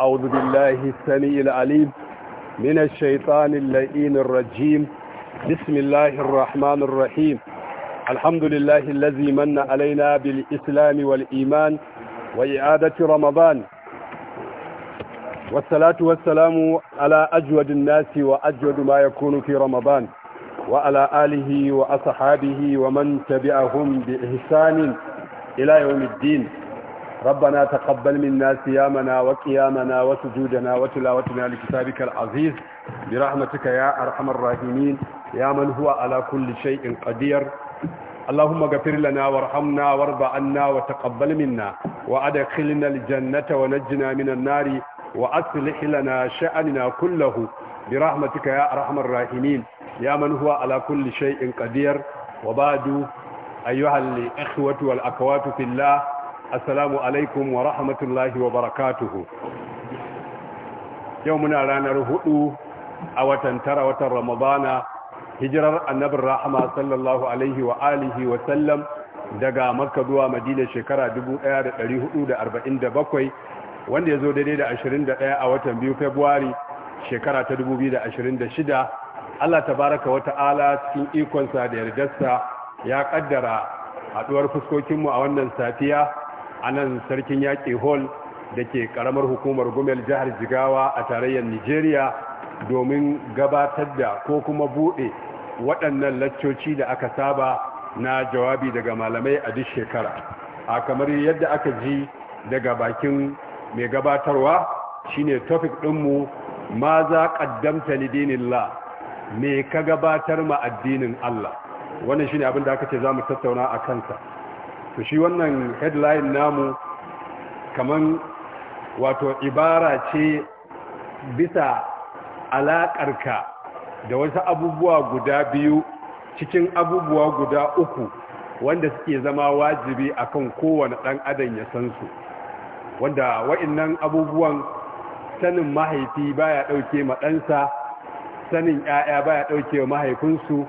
أعوذ بالله السميع العليم من الشيطان اللئيم الرجيم بسم الله الرحمن الرحيم الحمد لله الذي من علينا بالإسلام والإيمان وإعادة رمضان والصلاة والسلام على أجود الناس وأجود ما يكون في رمضان وعلى آله وأصحابه ومن تبعهم بإحسان إلى يوم الدين ربنا تقبل منا صيامنا وقيامنا وسجودنا وتلاوتنا لكتابك العزيز برحمتك يا أرحم الراحمين يا من هو على كل شيء قدير اللهم اغفر لنا وارحمنا وارض عنا وتقبل منا وادخلنا الجنة ونجنا من النار وأصلح لنا شأننا كله برحمتك يا أرحم الراحمين يا من هو على كل شيء قدير وبعد أيها الإخوة والأخوات في الله assalamu alaikum wa rahmatullahi wa barakatuhu yau muna ranar hudu a watan tara watan ramadana hijirar annabin rahama sallallahu alaihi wa alihi wa sallam daga makka zuwa madina shekara 1447 wanda ya zo daidai da 21 a watan biyu februari shekara ta 2026 allah tabaraka wa ta'ala cikin ikonsa da yardarsa ya kaddara haduwar fuskokinmu a wannan safiya a nan sarkin yaƙi hall da ke ƙaramar hukumar gumel jihar jigawa a tarayyar nigeria domin gabatar da ko kuma buɗe waɗannan laccoci da aka saba na jawabi daga malamai a duk shekara a kamar yadda aka ji daga bakin mai gabatarwa shine topic ɗinmu ma za ƙaddamta ni dinin la me ka gabatar ma addinin Allah wannan shine abin da aka ce za mu tattauna a kansa to shi wannan headline namu kaman wato ibara ce bisa alaƙarka da wasu abubuwa guda biyu cikin abubuwa guda uku wanda suke zama wajibi akan kowane ɗan adam ya san su wanda wa'innan abubuwan sanin mahaifi baya ɗauke ma ɗansa sanin 'ya'ya baya ɗauke wa mahaifinsu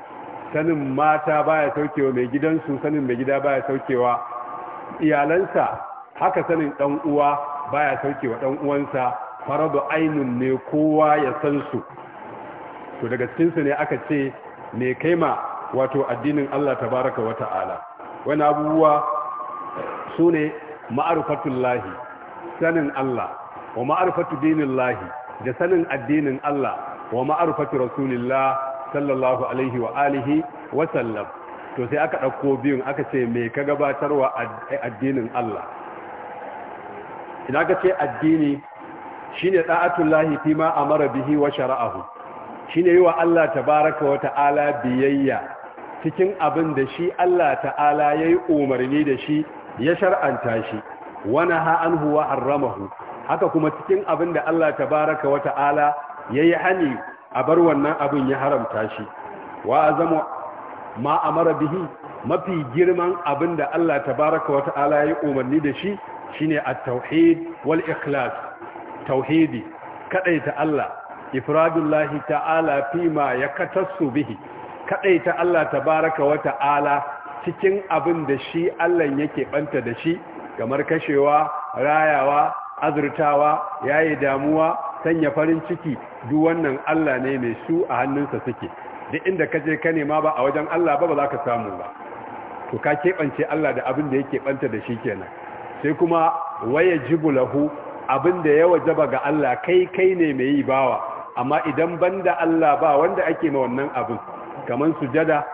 sanin mata baya saukewa mai gidansu sanin mai gida baya saukewa iyalansa haka sanin dan uwa baya saukewa dan uwansa faradu ainun ne kowa ya san su to daga cikin ne aka ce me kaima wato addinin Allah tabaraka wa wani abubuwa sune lahi sanin Allah wa ma'arifatu lahi da sanin addinin Allah wa ma'arifatu rasulillah sallallahu alaihi wa alihi wa sallam to sai aka ɗauko biyun aka ce me ka gabatarwa addinin Allah idan ka ce addini shine da'atullahi fi ma amara bihi wa shara'ahu shine yi wa Allah tabaraka wa ta'ala biyayya cikin abin da shi Allah ta'ala yayi umarni da shi ya shar'anta shi wa naha anhu wa harramahu haka kuma cikin abin da Allah tabaraka wa ta'ala yayi hani a bar wannan abin ya haramta shi wa azamu ma mara bihi mafi girman abin da Allah tabaraka wata ala ya umarni da shi shine a tauhid wal ikhlas tauhidi kadaita Allah ifradullahi ta'ala ya katassu bihi kadaita Allah baraka wata ala cikin abin da shi Allah yake banta da shi kamar kashewa rayawa azurtawa yayi damuwa sanya farin ciki duk wannan Allah ne mai su a hannunsa suke duk inda ka je ka nema ba a wajen Allah ba ba za ka samu ba to ka keɓance Allah da abin da yake banta da shi kenan sai kuma waya lahu abin da ya wajaba ga Allah kai kai ne mai yi bawa amma idan banda Allah ba wanda ake ma wannan abin kaman sujada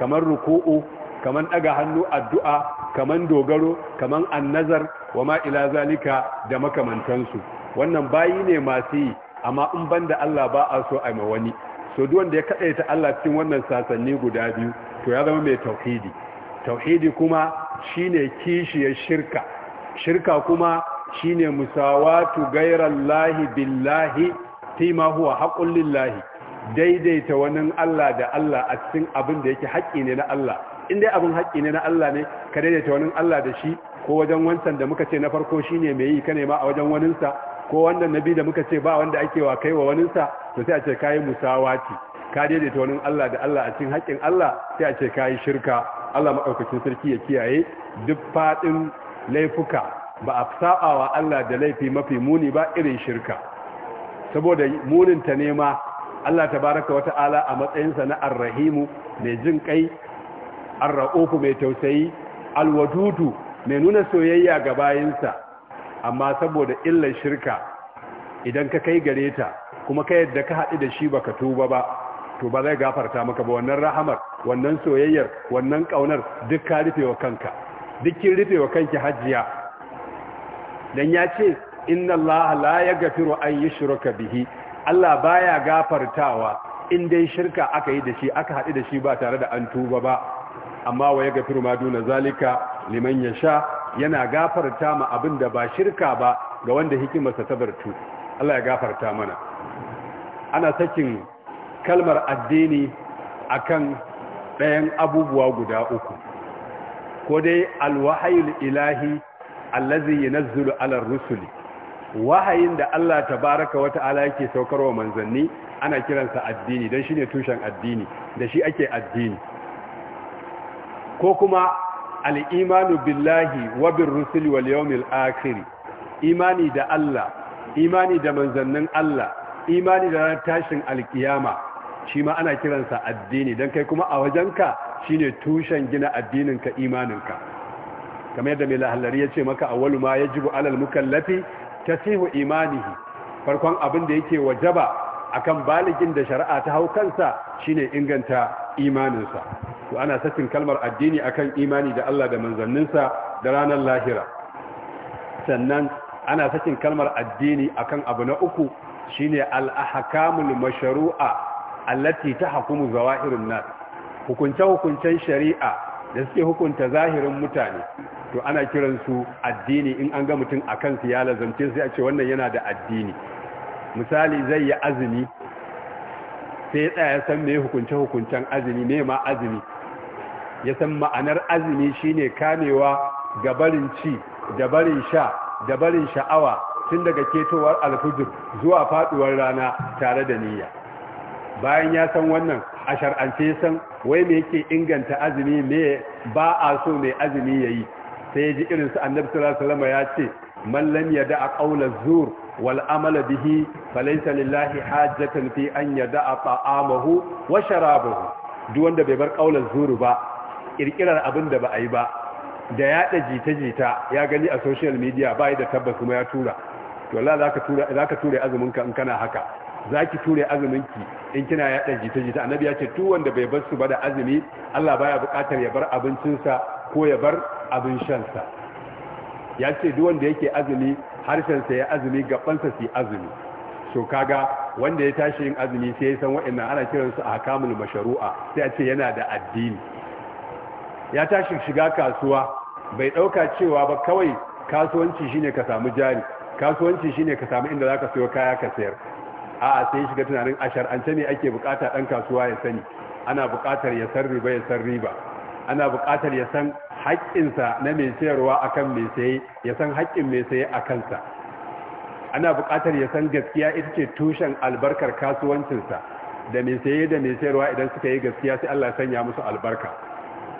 kaman ruku'u kaman ɗaga hannu addu'a kaman dogaro kaman annazar wa ma zalika da makamantansu wannan bayi ne masu yi amma in banda Allah ba a so a ma wani so duk wanda ya ta Allah cikin wannan sasanni guda biyu to ya zama mai tauhidi tauhidi kuma shine kishiyar shirka shirka kuma shine musawatu ghairallahi billahi ma huwa haqqul lillahi daidaita wani Allah da Allah a cikin abin da yake haƙƙi ne na Allah in dai abin haƙƙi ne na Allah ne ka daidaita wani Allah da shi ko wajen wancan da muka ce na farko shine mai yi ka nema a wajen waninsa ko wannan nabi da muka ce ba wanda ake wa kai wa waninsa to sai a ce kayi musawati ka daidaita wani Allah da Allah a cikin haƙƙin Allah sai a ce kayi shirka Allah maɗaukacin sarki ya kiyaye duk faɗin laifuka ba a saɓawa Allah da laifi mafi muni ba irin shirka saboda munin ta nema Allah tabaraka wa ta'ala a matsayinsa na arrahimu mai jin kai arra'ufu mai tausayi alwadudu mai nuna soyayya ga bayinsa amma saboda illar shirka idan ka kai gare ta kuma ka yadda ka haɗu da shi baka tuba ba to ba zai gafarta maka ba wannan rahamar wannan soyayyar wannan ƙaunar duk ka rufe wa kanka duk rufe wa kanki hajjiya dan ya ce inna allaha la yaghfiru an yushraka bihi Allah baya gafartawa in dai shirka aka yi da shi aka haɗu da shi ba tare da an tuba ba amma wa ya gafiru ma duna zalika liman ya sha yana gafarta ma abin da ba shirka ba ga wanda hikimarsa ta barto. Allah ya gafarta mana ana sakin kalmar addini akan ɗayan abubuwa guda uku ko dai alwahayul ilahi allazi yanzilu ala rusuli wahayin da Allah ta baraka wata ta'ala yake saukarwa manzanni ana kiransa addini dan shine tushen addini da shi ake addini ko kuma al'imanu billahi wa bin rusuli wal yawmil imani da Allah imani da manzannin Allah imani da tashin alkiyama shi ma ana kiransa addini don kai kuma a wajenka shine tushen gina addininka imaninka kamar yadda mai lahallari ya ce maka awwalu ma yajibu alal mukallafi tasihu imanihi farkon abin da yake wajaba akan baligin da shari'a ta hau kansa shine inganta imaninsa to ana sakin kalmar addini akan imani da Allah da manzanninsa da ranar lahira sannan ana sakin kalmar addini akan abu na uku shine al-ahkamul mashru'a allati tahkumu zawahirun nas hukunce hukuncen shari'a da suke hukunta zahirin mutane to ana kiran su addini in an ga mutum akan su ya lazance sai a ce wannan yana da addini misali zai yi azumi sai ya tsaya san me hukunce hukuncen azumi me ma azumi ya san ma'anar azumi shine kamewa ga barin ci da barin sha da barin sha'awa tun daga ketowar alfujur zuwa faduwar rana tare da niyya bayan ya san wannan a shar'ance san wai me yake inganta azumi me ba a so mai azumi ya yi. sai ya ji irin su annabi sallallahu alaihi ya ce man lam a qawla zur wal amala bihi falaysa lillahi hajatan fi an yada'a ta'amahu wa sharabahu duk wanda bai bar qawla zur ba kirkirar abin da ba a yi ba da ya da jita-jita ya gani a social media ba da tabbas kuma ya tura to Allah za ka ture azuminka in kana haka za ki ture azuminki in kina ya da jita-jita annabi ya ce tu wanda bai bar su ba da azumi Allah baya buƙatar ya bar abincinsa ko ya bar abin shansa ya ce duk wanda yake azumi harshensa ya azumi gabansa su azumi so kaga wanda ya tashi yin azumi sai ya san wa'annan ana kiransu a masharu'a sai a ce yana da addini ya tashi shiga kasuwa bai dauka cewa ba kawai kasuwanci shine ka samu jari kasuwanci shine ka samu inda zaka sayo kaya ka sayar a sai shiga tunanin ashar an ce ne ake bukata dan kasuwa ya sani ana bukatar ya san riba ya san riba ana bukatar ya san haƙƙinsa na mai sayarwa akan mai saye ya san haƙƙin mai saye a kansa ana bukatar ya san gaskiya ita ce tushen albarkar kasuwancinsa da mai saye da mai sayarwa idan suka yi gaskiya sai Allah ya sanya musu albarka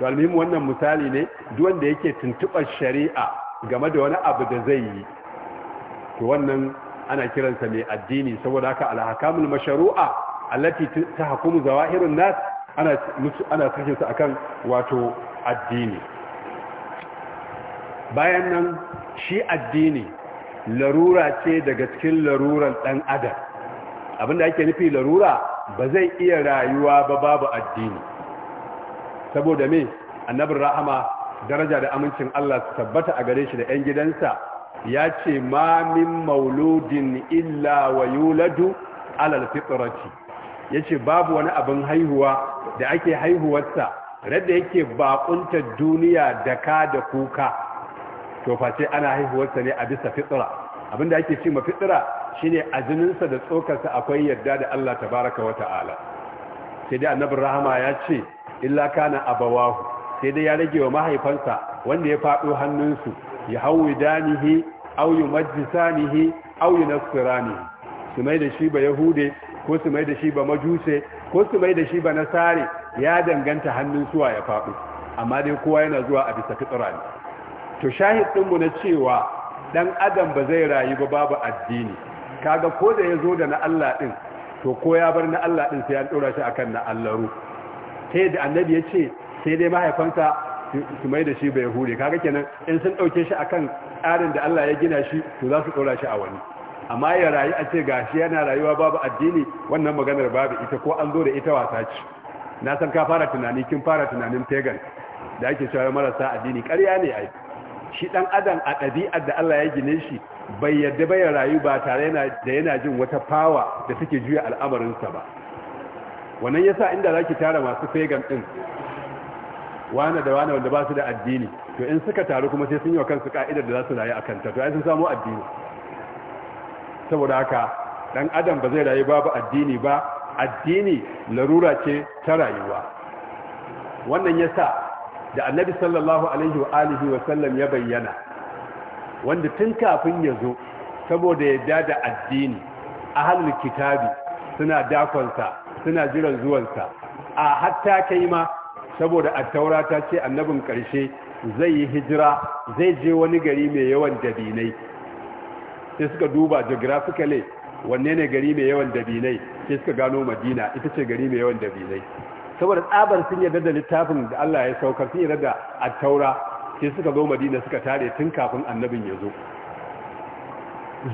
to wannan misali ne duk wanda yake tuntuɓar shari'a game da wani abu da zai yi to wannan ana kiransa mai addini saboda haka alhakamul mashru'a allati tahkumu zawahirun nas ana ana sakin su akan wato addini bayan nan shi addini larura ce daga cikin laruran dan adam abinda ake nufi larura ba zai iya rayuwa ba babu addini saboda me annabin rahama daraja da amincin Allah su tabbata a gare shi da 'yan gidansa ya ce ma min mauludin illa wa yuladu alal fitrati ce babu wani abin haihuwa da ake haihuwarsa radda yake baƙunta duniya da ka da kuka to face ana haihuwarsa ne a bisa fitra abinda ake ce ma fitra shine a jininsa da tsokarsa akwai yarda da Allah tabaraka wa ta'ala sai dai annabin rahama ya ce illa kana abawahu sai dai ya rage wa mahaifansa wanda ya faɗo hannunsu ya hauwi danihi au yi nihi au yi nihi su mai da shi ba yahude ko su mai da shi ba majuse ko su mai da shi ba nasare ya danganta hannun suwa ya faɗo amma dai kowa yana zuwa a bisa fitsira ne to shahid ɗinmu na cewa ɗan adam ba zai rayu ba babu addini kaga ko da ya zo da na Allah ɗin to ko ya bar na Allah ɗin sai an ɗora shi akan na Allah ruhu Sai da annabi ya ce sai dai mahaifansa su mai da shi bai hure kaga kenan in sun ɗauke shi akan tsarin da Allah ya gina shi to za su ɗora shi a wani amma ya rayu a ce gashi yana rayuwa babu addini wannan maganar babu ita ko an zo da ita wasa ce na san ka fara tunani kin fara tunanin pagan da ake cewa marasa addini ƙarya ne ai shi dan adam a ɗabi'ar da Allah ya gine shi bai yadda bai rayu ba tare da yana jin wata fawa da take juya al'amarinsa ba wannan yasa inda zaki tara masu pagan din wane da wane wanda ba su da addini to in suka taru kuma sai sun yi wa kansu ka'idar da za su rayu akan ta to ai sun samu addini saboda haka dan adam ba zai rayu babu addini ba addini larura ce ta rayuwa wannan yasa da annabi sallallahu alaihi wa alihi wa sallam ya bayyana wanda tun kafin ya zo saboda ya da addini ahlul kitabi suna dakonsa suna jiran zuwansa a hatta kai ma saboda attaura ta ce annabin ƙarshe zai yi hijira zai je wani gari mai yawan dabinai sai suka duba geographically wanne ne gari mai yawan dabinai sai suka gano madina ita ce gari mai yawan dabinai saboda tsabar sun yarda da littafin da Allah ya saukar sun yarda da attaura sai suka zo madina suka tare tun kafin annabin ya zo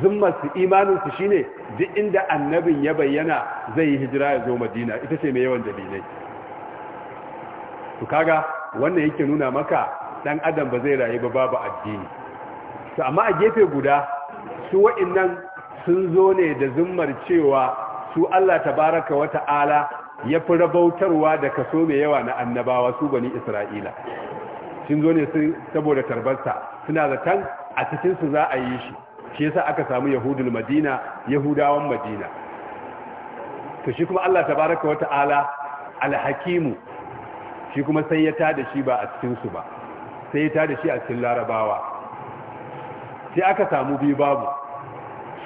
zimmar su imanin su shine duk inda annabin ya bayyana zai yi hijira ya zo madina ita ce mai yawan dalilai to kaga wannan yake nuna maka dan adam ba zai rayu ba babu addini to amma a gefe guda su wa'innan sun zo ne da zimmar cewa su Allah tabaraka wa ta'ala ya fi rabautarwa da kaso mai yawa na annabawa su bani Isra'ila sun zo ne saboda tarbarsa suna zaton a cikinsu za a yi shi shi yasa aka samu yahudul madina yahudawan madina to shi kuma Allah tabaraka wata'ala alhakimu shi kuma sai ya tada shi ba a cikin su ba sai ya tada shi a cikin larabawa sai aka samu bi babu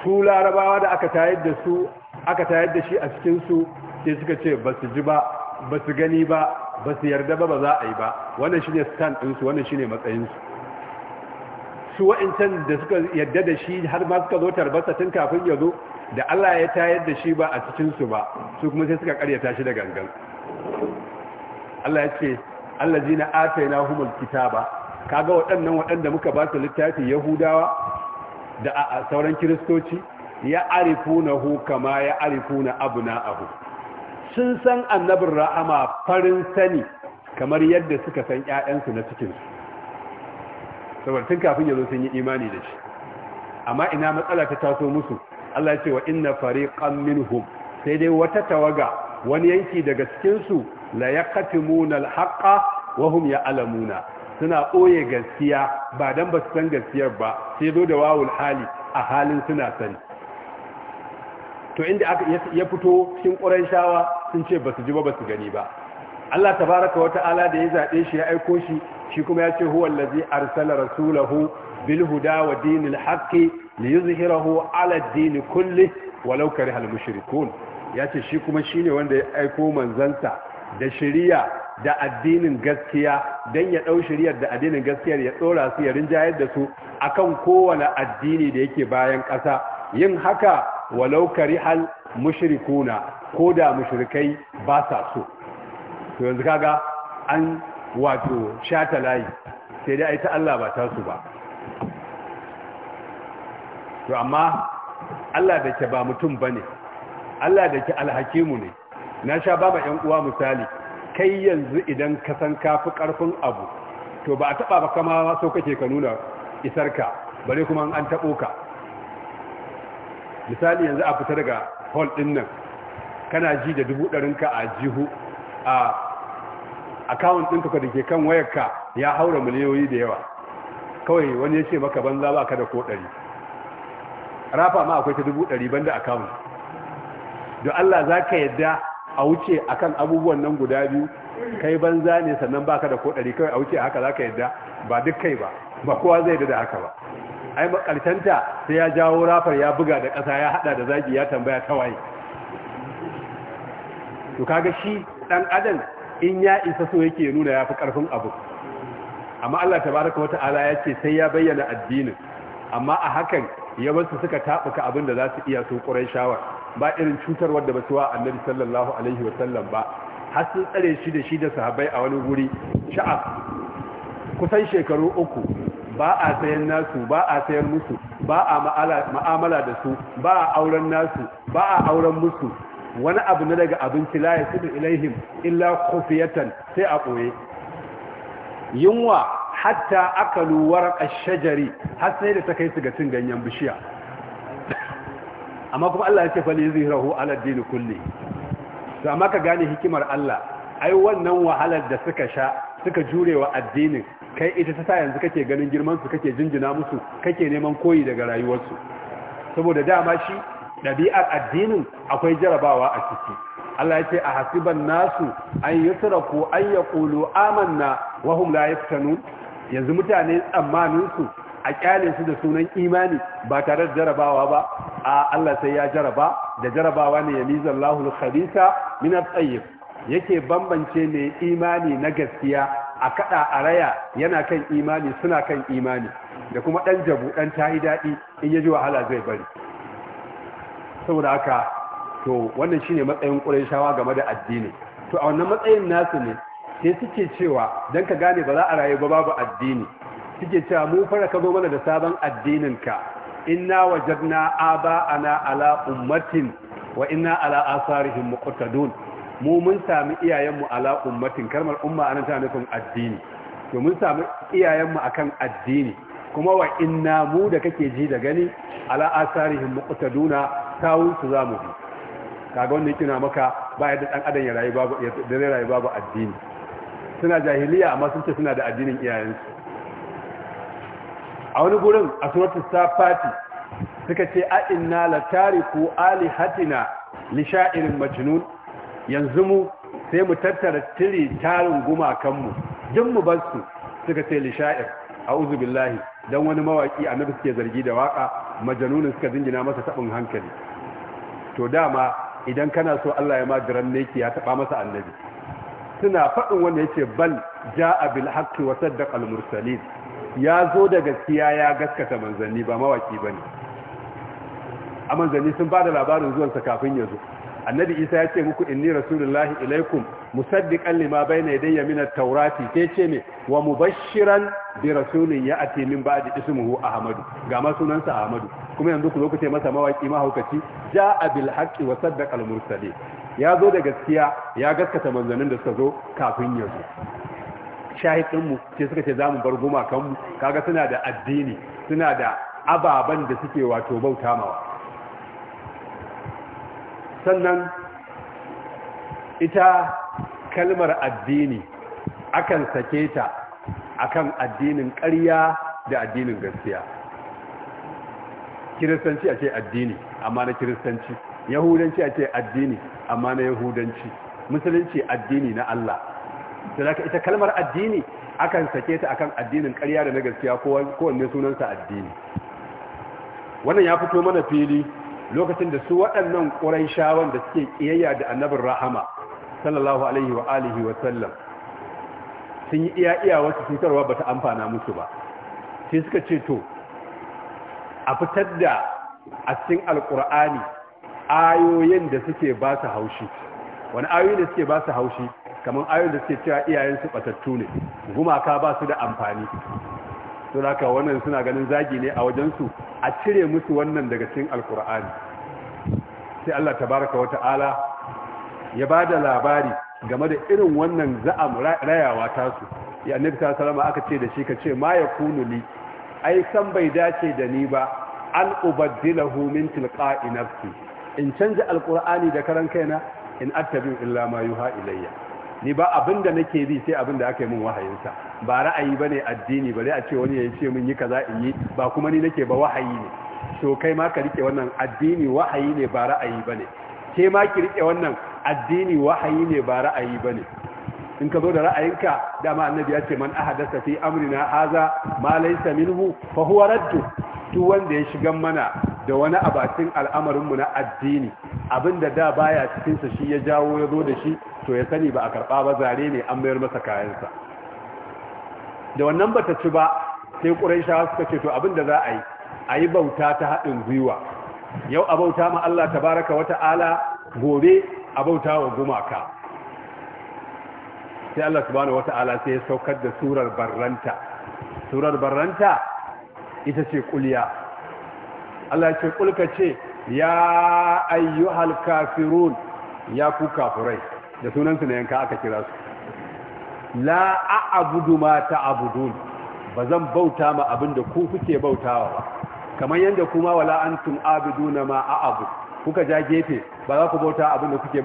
su larabawa da aka tayar da su aka tayar da shi a cikin su sai suka ce ba su ji ba ba su gani ba ba su yarda ba ba za a yi ba wannan shine stand ɗinsu wannan shine matsayinsu su wa'incan da suka yadda da shi har ma suka zo tarbasa tun kafin ya zo da Allah ya tayar da shi ba a cikinsu ba su kuma sai suka karyata shi da gangan Allah ya ce allazi na humul kitaba kaga waɗannan waɗanda muka ba su littafi yahudawa da a sauran kiristoci ya hu kama ya arifuna abu, sun san annabin Rahama farin sani kamar yadda suka san ƴaƴansu na cikinsu saboda tun kafin ya sun yi imani da shi amma ina matsala ta taso musu Allah ya ce wa inna fariqan minhum sai dai wata tawaga wani yanki daga cikin su la yaqtimuna alhaqa wa hum ya'lamuna suna ɓoye gaskiya ba dan ba su san gaskiyar ba sai zo da wawul hali a halin suna sani to inda aka ya fito cikin ƙuran shawa sun ce ba su ji ba ba su gani ba Allah tabaraka wa ta'ala da ya zaɓe shi ya aiko shi shi kuma ya ce huwa allazi arsala rasulahu bil huda wa dinil haqqi li yuzhirahu ala ad-din kulli walau kariha al mushrikun ya shi kuma shine wanda ya aiko manzansa da shari'a da addinin gaskiya dan ya dau shari'ar da addinin gaskiyar ya tsora su ya rinjayar da su akan kowane addini da yake bayan ƙasa yin haka walau hal mushrikuna ko da mushrikai ba sa so to yanzu kaga an wato shata layi sai dai ta Allah ba ta su ba to amma Allah da ke ba mutum ba ne Allah da ke alhakimu ne na sha ba ba ‘yan uwa misali kai yanzu idan ka san kafi ƙarfin abu to ba a taɓa ba kama so kake ka nuna isar ka, bare kuma an taɓo ka misali yanzu a fita daga hall ɗin nan kana ji da dubu ɗarinka a jihu a akawun ɗinka da ke kan wayarka ya haura miliyoyi da yawa kawai wani ya ce maka banza ba ka da ko ɗari rafa ma akwai ta dubu ɗari banda akawun don allah za ka yadda a wuce akan abubuwan nan guda biyu kai banza ne sannan ba ka da ko ɗari kawai a wuce haka za ka yadda ba duk kai ba ba kowa zai da haka ba ai makarcanta sai ya jawo rafar ya buga da ƙasa ya haɗa da zagi ya tambaya tawaye to kaga shi ɗan adam in ya isa so yake nuna ya fi ƙarfin abu amma Allah tabaraka ta'ala ya ce sai ya bayyana addinin amma a hakan yawansu suka taɓuka abin da za su iya so shawar. ba irin cutar wadda ba su wa annabi sallallahu alaihi wa sallam ba har sun tsare shi da shi da sahabbai a wani guri sha'af kusan shekaru uku ba a sayan nasu ba a sayan musu ba a ma'amala da su ba a auren nasu ba a auren musu wani abu na daga abinci la ya ilai ilaihim illa kufiyatan sai a ɓoye yunwa hatta akalu a shajari har sai da ta kai su ga cin ganyen bishiya amma kuma Allah ya ce fa liyuzhirahu ala din kulli to amma ka gane hikimar Allah ai wannan wahalar da suka sha suka jurewa addinin kai ita ta sa yanzu kake ganin girman su kake jinjina musu kake neman koyi daga rayuwarsu saboda dama shi ɗabi'ar addinin akwai jarabawa a ciki Allah ya ce a hasiban nasu an ko an yaqulu amanna wa hum la yaftanun yanzu mutane tsammaninsu a kyale su da sunan imani ba tare da jarabawa ba a Allah sai ya jaraba da jarabawa ne ya nizan lahul khabisa min at yake bambance ne imani na gaskiya a kada a raya yana kan imani suna kan imani da kuma dan jabu dan tahidadi in yaji wahala zai bari saboda haka to wannan shine matsayin shawa game da addini to a wannan matsayin nasu ne sai suke cewa dan ka gane ba za a rayu ba babu addini suke cewa mu fara ka zo mana da sabon addinin ka inna wajadna ana ala ummatin wa inna ala asarihim muqtadun mu mun sami iyayenmu ala ummatin kalmar umma anan ta nufin addini to mun sami iyayenmu akan addini kuma wa inna mu da kake ji da gani ala asarihim muqtaduna kawo su za mu bi kaga wanda yake na maka ba yadda dan adam ya rayu babu da zai rayu babu addini suna jahiliya amma sun ce suna da addinin iyayensu a wani gurin a suratul safati suka ce a inna la tariku Hatina li sha'irin majnun yanzu mu sai mu tattara tiri tarin gumakanmu din mu bar su suka ce li sha'ir a'udhu billahi dan wani mawaki annabi suke zargi da waka majanunin suka dingina masa tabin hankali to dama idan kana so Allah ya ma giran ne ya taba masa annabi suna faɗin wanda ce bal jaa bil haqqi wa saddaqa al mursalin ya zo da gaskiya ya gaskata manzanni ba mawaki bane a manzanni sun ba da labarin zuwansa kafin ya zo annabi isa ya ce muku inni rasulullahi ilaikum musaddiqan lima bayna yadayya min at-taurati sai ce me wa mubashiran bi rasulin ya'ti min ba'di ismuhu Ahmadu ga ma sunansa ahmad kuma yanzu ku lokace masa mawaki mahaukaci ja'a bil haqqi wa saddaqa al mursalin ya zo da gaskiya ya gaskata manzannin da suka zo kafin ya zo mu ce suka ce za mu bar gumakanmu kaga suna da addini suna da ababan da suke wato bauta mawa sannan ita kalmar addini akan sake ta akan addinin ƙarya da addinin gaskiya kiristanci a ce addini amma na kiristanci yahudanci a ce addini amma na yahudanci musulunci addini na Allah sadaka ita kalmar addini akan sake ta akan addinin ƙarya da na gaskiya wanne sunansa addini wannan ya fito mana fili lokacin da su waɗannan ƙuraishawan da suke ƙiyayya da annabin rahama sallallahu alaihi wa alihi wa sallam sun yi iya iya wasu cutarwa ba ta amfana musu ba sai suka ce to a fitar da a cikin alƙur'ani ayoyin da suke ba su haushi wani ayoyin da suke ba su haushi kamar ayoyin da suke cewa iyayensu batattu ne gumaka ba su da amfani to haka wannan suna ganin zagi ne a wajensu a cire musu wannan daga cikin alkur'ani sai Allah tabaraka wa ta'ala ya ba da labari game da irin wannan za'am rayawa tasu ya annabi sallallahu aka ce da shi ka ce ma ya kunu li ai san bai dace da ni ba an ubaddilahu min tilqa'i nafsi in canja alkur'ani da karan kaina in attabi illa ma yuha ilayya ni ba abin da nake bi sai abin da aka yi min wahayinsa ba ra'ayi bane addini bare a ce wani ya ce min yi kaza in yi ba kuma ni nake ba wahayi ne to kai ma ka rike wannan addini wahayi ne ba ra'ayi bane ke ma ki rike wannan addini wahayi ne ba ra'ayi bane in ka zo da ra'ayinka dama annabi ya ce man ahadasa fi amrina haza ma laysa minhu fa huwa raddu to wanda ya shigan mana da wani abacin al'amarin mu na addini abinda da baya cikin sa shi ya jawo ya zo da shi to ya sani ba a karba ba zare ne an mayar masa kayansa da wannan bata ci ba sai quraisha suka ce to abinda za a yi a yi bauta ta haɗin gwiwa yau a bauta ma Allah tabaraka wa ta'ala gobe a bauta wa gumaka sai Allah subhanahu wata'ala sai ya saukar da surar barranta surar barranta ita ce kulya Allah ce kulka ce ya ayyuhal kafirun ya ku kafurai da sunansu na yanka aka kira su la a'budu ma ta'budun bazan bauta ma abinda ku kuke bautawa ba kamar yadda kuma wala antum abiduna ma a'budu kuka ja gefe ba za ku bauta abinda kuke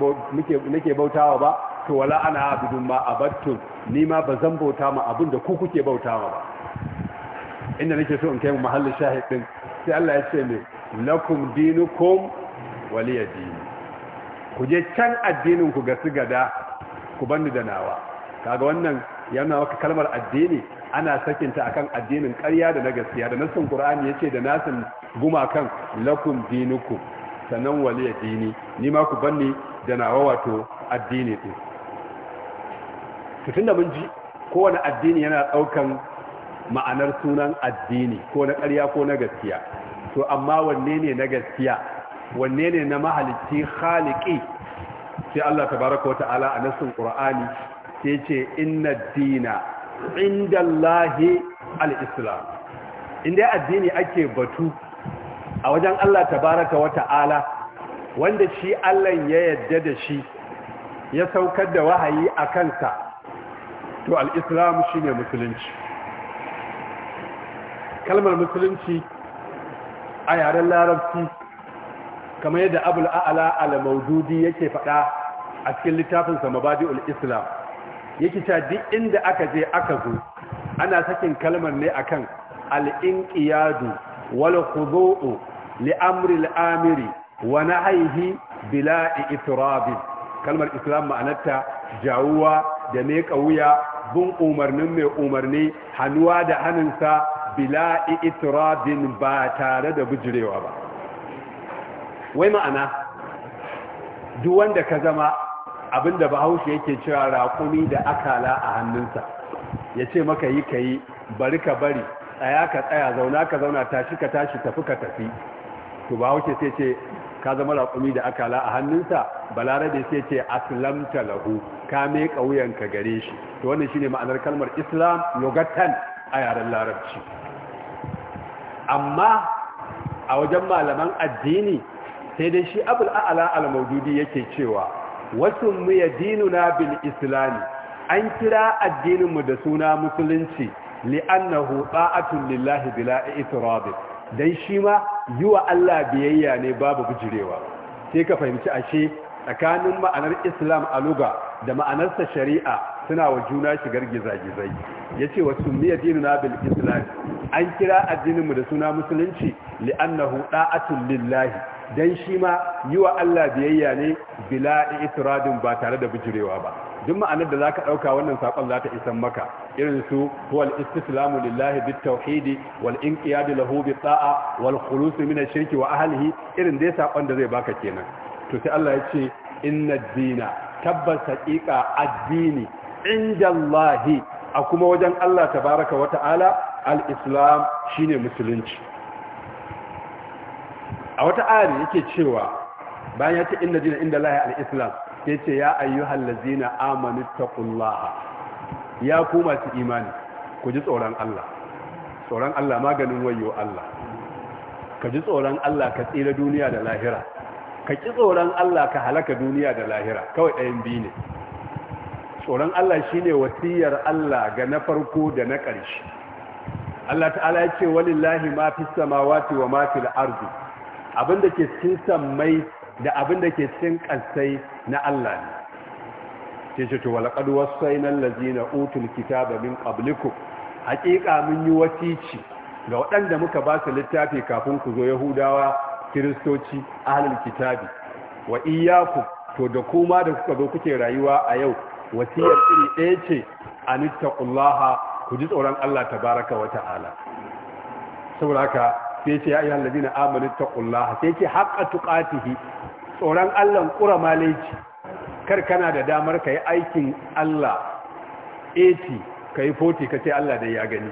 nake bautawa ba to wala ana abidun ma abattu ni ma ba zan bauta ma abin da ku kuke bauta ma ba inda nake so in kai mu mahallin shahid din sai Allah ya ce me lakum dinukum waliya dini ku je can addinin ku ga gada, ku bani da nawa kaga wannan yana waka kalmar addini ana sakin ta akan addinin ƙarya da na gaskiya da nasin Qur'ani yace da nasin gumakan lakum dinukum sanan waliya dini ni ma ku banni da nawa wato addini din tutun da mun ji kowane addini yana ɗaukan ma'anar sunan addini ko na ƙarya ko na gaskiya to amma wanne ne na gaskiya wanne ne na mahalicci khaliki sai Allah tabaraka wata'ala a nasin Qur'ani sai ce inna dina indallahi al-islam inda addini ake batu a wajen Allah tabaraka wata'ala wanda shi Allah ya yadda da shi ya saukar da wahayi a kansa to al-islam shine musulunci kalmar musulunci a yaren larabci kamar yadda abul a'la al-maududi yake faɗa a cikin littafin sa mabadi'ul islam yake ta duk inda aka je aka zo ana sakin kalmar ne akan alinƙiyadu inqiyadu wal khudu'u amiri wa bila itrab kalmar islam ma'anarta jawuwa da ne bin umarnin mai umarni hannuwa da hannunsa bila itirabin ba tare da bijirewa ba wai ma'ana duk wanda ka zama abinda bahaushe yake cewa raƙumi da akala a hannunsa ya ce maka yi ka yi bari ka bari tsaya ka tsaya zauna ka zauna tashi ka tashi tafi ka tafi to bahaushe sai ce ka zama raƙumi da aka hala a hannunsa balarabe sai ce aslamta lahu ka ƙauyenka gare shi to wannan shine ma'anar kalmar islam yogatan a yaren larabci amma a wajen malaman addini sai dai shi abul a'ala al-maududi yake cewa wasu mu yadinuna bil islami an kira addininmu da suna musulunci li'annahu ta'atun lillahi bila itirab dan shi ma yi wa Allah biyayya ne babu gujirewa sai ka fahimci ashe tsakanin ma'anar islam a da ma'anarsa shari'a suna wa juna shigar gizagizai ya ce wa sunniya na bil islam an kira addininmu da suna musulunci li'annahu da'atun lillahi dan shi ma yi wa Allah biyayya ne bila itiradin ba tare da bujurewa ba duk ma'anar da zaka dauka wannan sakon zata isa maka irin su huwal istislamu lillahi bit tauhidi wal inqiyad lahu bi ta'a wal khulus min ash-shirk wa ahlihi irin dai sakon da zai baka kenan to sai Allah ya ce inna dina tabbas haqiqa addini inda Allah a kuma wajen Allah tabaraka wa ta'ala al-islam shine musulunci a wata ayar yake cewa bayan ya ce inna dina inda Allah al-islam sai ce ya ayyuhal ladzina amanu taqullaha ya ku masu imani ku ji tsoron Allah tsoron Allah maganin wayo Allah ka ji tsoron Allah ka tsira duniya da lahira ka ki tsoron Allah ka halaka duniya da lahira kawai ɗayan biyu ne tsoron Allah shine wasiyar Allah ga na farko da na ƙarshe Allah ta'ala ya ce walillahi ma fis samawati wa ma fil ardi abinda ke cikin sammai da abin da ke cikin ƙansai na Allah ne Ke ce to sai wasainan lazina utul kitaba min qablikum haƙiƙa mun yi wasici ga waɗanda muka ba su littafi kafin ku zo yahudawa kiristoci ahlul kitabi wa iyaku to da kuma da kuka zo kuke rayuwa a yau wasiyar iri ɗaya ce anittaqullaha ku ji tsoron Allah tabaraka wa ta'ala saboda haka sai ce ya ayyuhal ladina amanu taqullaha sai ce haqqa tuqatihi tsoron Allah kura maleji kar kana da damar kai aikin Allah 80 kai 40 kace Allah dai ya gani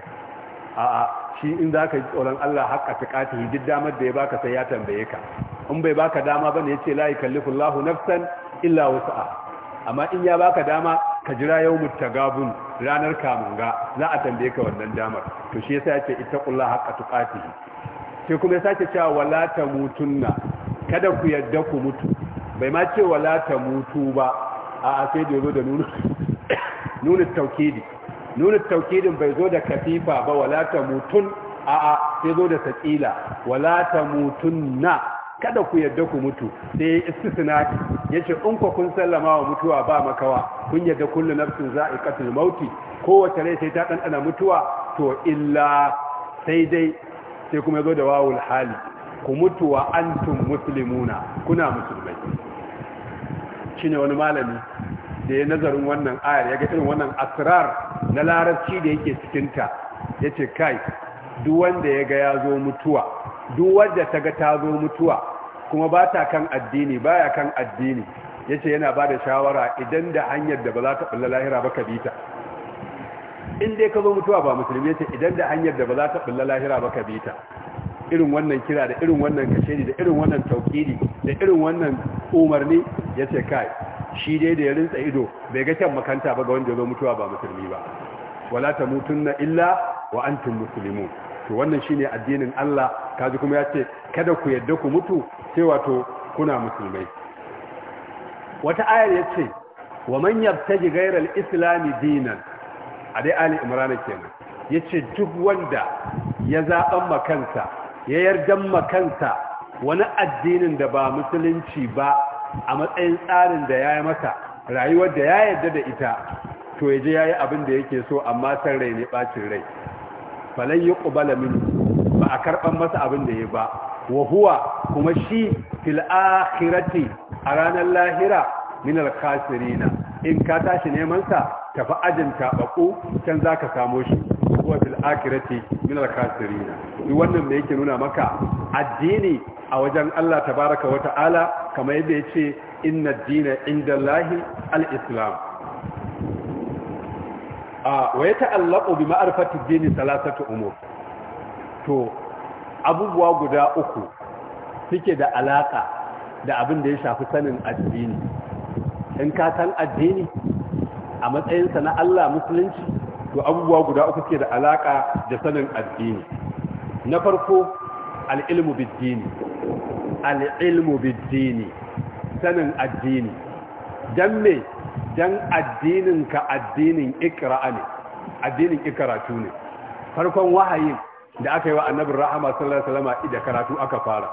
a'a shi in zaka yi tsoron Allah haqqa tuqatihi duk damar da ya baka sai ya tambaye ka in bai baka dama bane yace la yukallifullahu nafsan illa wus'aha amma in ya baka dama ka jira yau mutagabun ranar kamunga za a tambaye ka wannan damar to shi yasa yace ittaqullaha haqqa tuqatihi sai kuma ya sake cewa wala ta mutunna kada ku yadda ku mutu bai ma ce wala ta mutu ba a sai da zo da nuna taukidi nuna taukidin bai zo da katifa ba wala ta mutun a sai zo da sakila wala ta mutunna kada ku yadda ku mutu sai istisna yace in ku kun sallama wa mutuwa ba makawa kun yadda kullu nafsin za'iqatul mauti kowace rai sai ta ɗanɗana mutuwa to illa sai dai sai kuma yazo da wawul hali ku mutu wa antum muslimuna kuna musulmai shine wani malami da ya nazarin wannan ayar ya ga irin wannan asrar na larabci da yake cikin ta yace kai duk wanda ya ga yazo mutuwa duk wanda ta ga ta zo mutuwa kuma ba ta kan addini baya kan addini yace yana bada shawara idan da hanyar da ba za ta bulla lahira ba ka bita in dai ka zo mutuwa ba musulmi ce idan da hanyar da ba za ta bulla lahira ba ka bi ta irin wannan kira da irin wannan kashedi da irin wannan taukidi da irin wannan umarni ya ce kai shi dai da ya rinsa ido bai ga kyan makanta ba ga wanda ya zo mutuwa ba musulmi ba wala ta na illa wa antum muslimun to wannan shine addinin Allah kaji kuma ya ce kada ku yadda ku mutu sai wato kuna musulmai wata ayar ya ce wa man yabtaji ghayra al-islam dinan a dai ali imran kenan yace duk wanda ya zaban makansa ya yardan makansa wani addinin da ba musulunci ba a matsayin tsarin da ya yi masa rayuwar da ya yarda da ita to yaje yayi ya abin da yake so amma san rai ne bacin rai falan yuqbala min ba a karɓar masa abin da ya ba wa huwa kuma shi fil akhirati a ranar lahira minal kasirina in ka tashi neman sa tafi ajin tabaku can zaka samu shi huwa fil akhirati minal kasirina duk wannan me yake nuna maka addini a wajen Allah tabaraka wa ta'ala kamar yadda yace inna ad-dina indallahi al-islam a wa yata'allaqu bi ma'rifati ad-dini thalathatu umur to abubuwa guda uku suke da alaka da abin da ya shafi sanin addini in ka san addini a matsayinsa na Allah musulunci to abubuwa guda uku ke da alaka da sanin addini na farko al'ilmu biddini al'ilmu biddini sanin addini dan me addinin ka addinin ikra ne addinin ikaratu ne farkon wahayin da aka yi wa annabin rahama sallallahu alaihi wasallam da karatu aka fara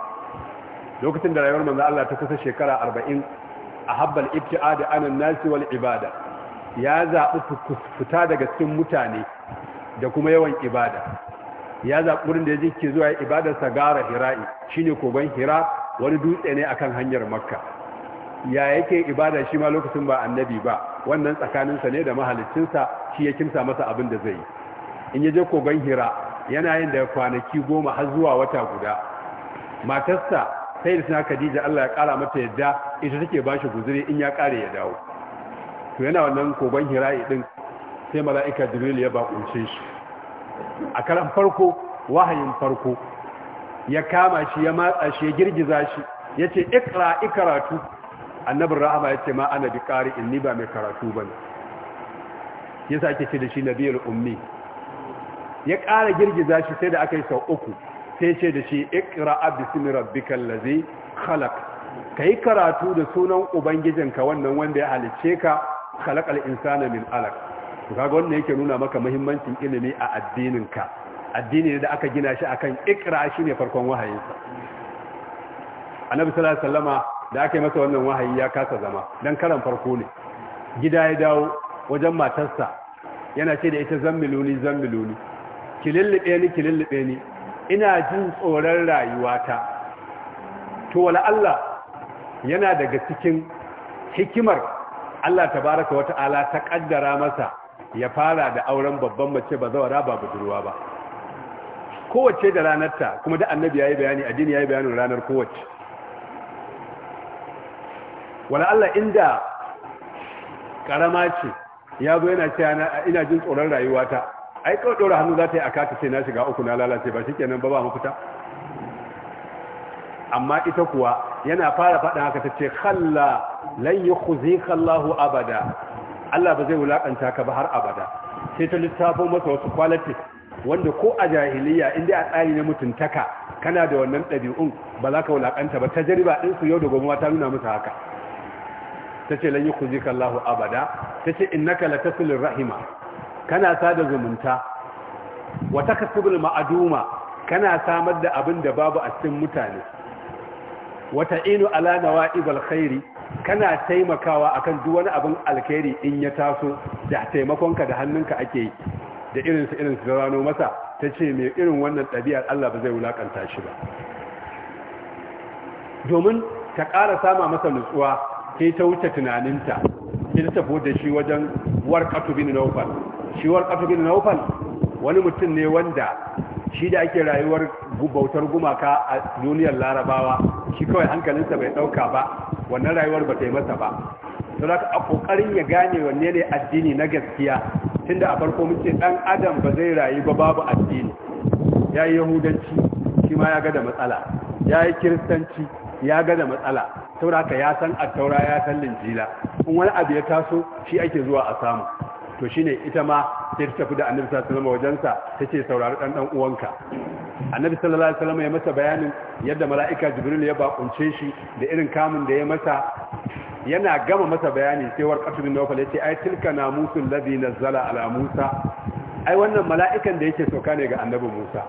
lokacin da rayuwar manzo Allah ta kusa shekara arba'in. a habbal ibti'adi anan nasi wal ibada ya zaɓi fita daga cikin mutane da kuma yawan ibada ya zaɓi wurin da yake zuwa ibadarsa gara hira'i shine kogon hira wani dutse ne akan hanyar makka ya yake ibada shi ma lokacin ba annabi ba wannan tsakaninsa ne da sa shi ya kimsa masa abin da zai yi in ya je kogon hira yana yin da kwanaki goma har zuwa wata guda matarsa sai da suna khadija Allah ya kara mata yadda ita take ba shi guzuri in ya kare ya dawo to yana wannan koban hira'i din sai mala'ika jibril ya kunce shi a karan farko wahayin farko ya kama shi ya matsa shi ya girgiza shi ya ce ikra ikaratu annabin rahama ya ce ma ana bi ƙari in ni ba mai karatu ba ne ya sake ce da shi na biyar ummi ya ƙara girgiza shi sai da aka yi sau uku sai ce da shi ikra'a bismi rabbikal ladzi khalaq kai karatu da sunan ubangijin ka wannan wanda ya halice ka khalaqal insana min alaq to kaga wannan yake nuna maka muhimmancin ilimi a addininka addini da aka gina shi akan ikra shine farkon wahayinsa annabi sallallahu alaihi wasallama da aka yi masa wannan wahayi ya kasa zama dan karan farko ne gida ya dawo wajen matarsa yana ce da ita zammiluni zammiluni ki ni ki ni ina jin tsoron rayuwata to wala Allah yana daga cikin hikimar Allah tabaraka wata'ala ta kaddara masa ya fara da auren babban mace ba zawara ba budurwa ba kowace da ranarta kuma da annabi yayi bayani addini yayi bayanin ranar kowace wala Allah inda karama ce ya zo yana cewa ina jin tsoron rayuwata ai kawai ɗora hannu za ta yi a kata sai na shiga uku na lalace ba shi kenan ba ba mafita amma ita kuwa yana fara faɗin haka ta ce khalla lan yi kuzi kallahu abada Allah ba zai wulaƙanta ka ba har abada sai ta lissafo masa wasu kwalati wanda ko a jahiliya inda a tsari na mutuntaka kana da wannan ɗabi'un ba za ka wulaƙanta ba ta jariba su yau da gobe ta nuna masa haka ta ce lan yi kuzi abada ta ce innaka la rahima kana sada zumunta wata kasibul ma'aduma kana samar da abin da babu a cikin mutane wata inu ala nawa'ibal khairi kana taimakawa akan duk wani abin alkhairi in ya taso da taimakonka da hannunka ake yi da irinsu irinsu da rano masa tace ce mai irin wannan ɗabi'ar Allah ba zai wulakanta shi ba domin ta ƙara sama masa nutsuwa sai ta wuce tunaninta sai ta tafi shi wajen warqatu bin nawfal shi warqatu bin nawfal wani mutum ne wanda shi da ake rayuwar bautar gumaka a duniyar larabawa shi kawai hankalinsa bai dauka ba wannan rayuwar ba ta yi masa ba saboda a kokarin ya gane wanne ne addini na gaskiya tunda a farko muke dan adam ba zai rayu ba babu addini yi yahudanci shi ma ya ga da matsala yi kiristanci ya ga da matsala saboda ya san attaura ya san linjila in wani abu ya taso shi ake zuwa a samu to ne ita ma sai ta tafi da annabi sallallahu alaihi wasallam wajensa tace saurari dan dan uwanka annabi sallallahu alaihi wasallam ya masa bayanin yadda mala'ika jibril ya bakunce shi da irin kamun da ya masa yana gama masa bayani sai warqatu bin nawfal yace ay tilka namusul ladhi nazzala ala musa ai wannan mala'ikan da yake sauka ne ga annabi musa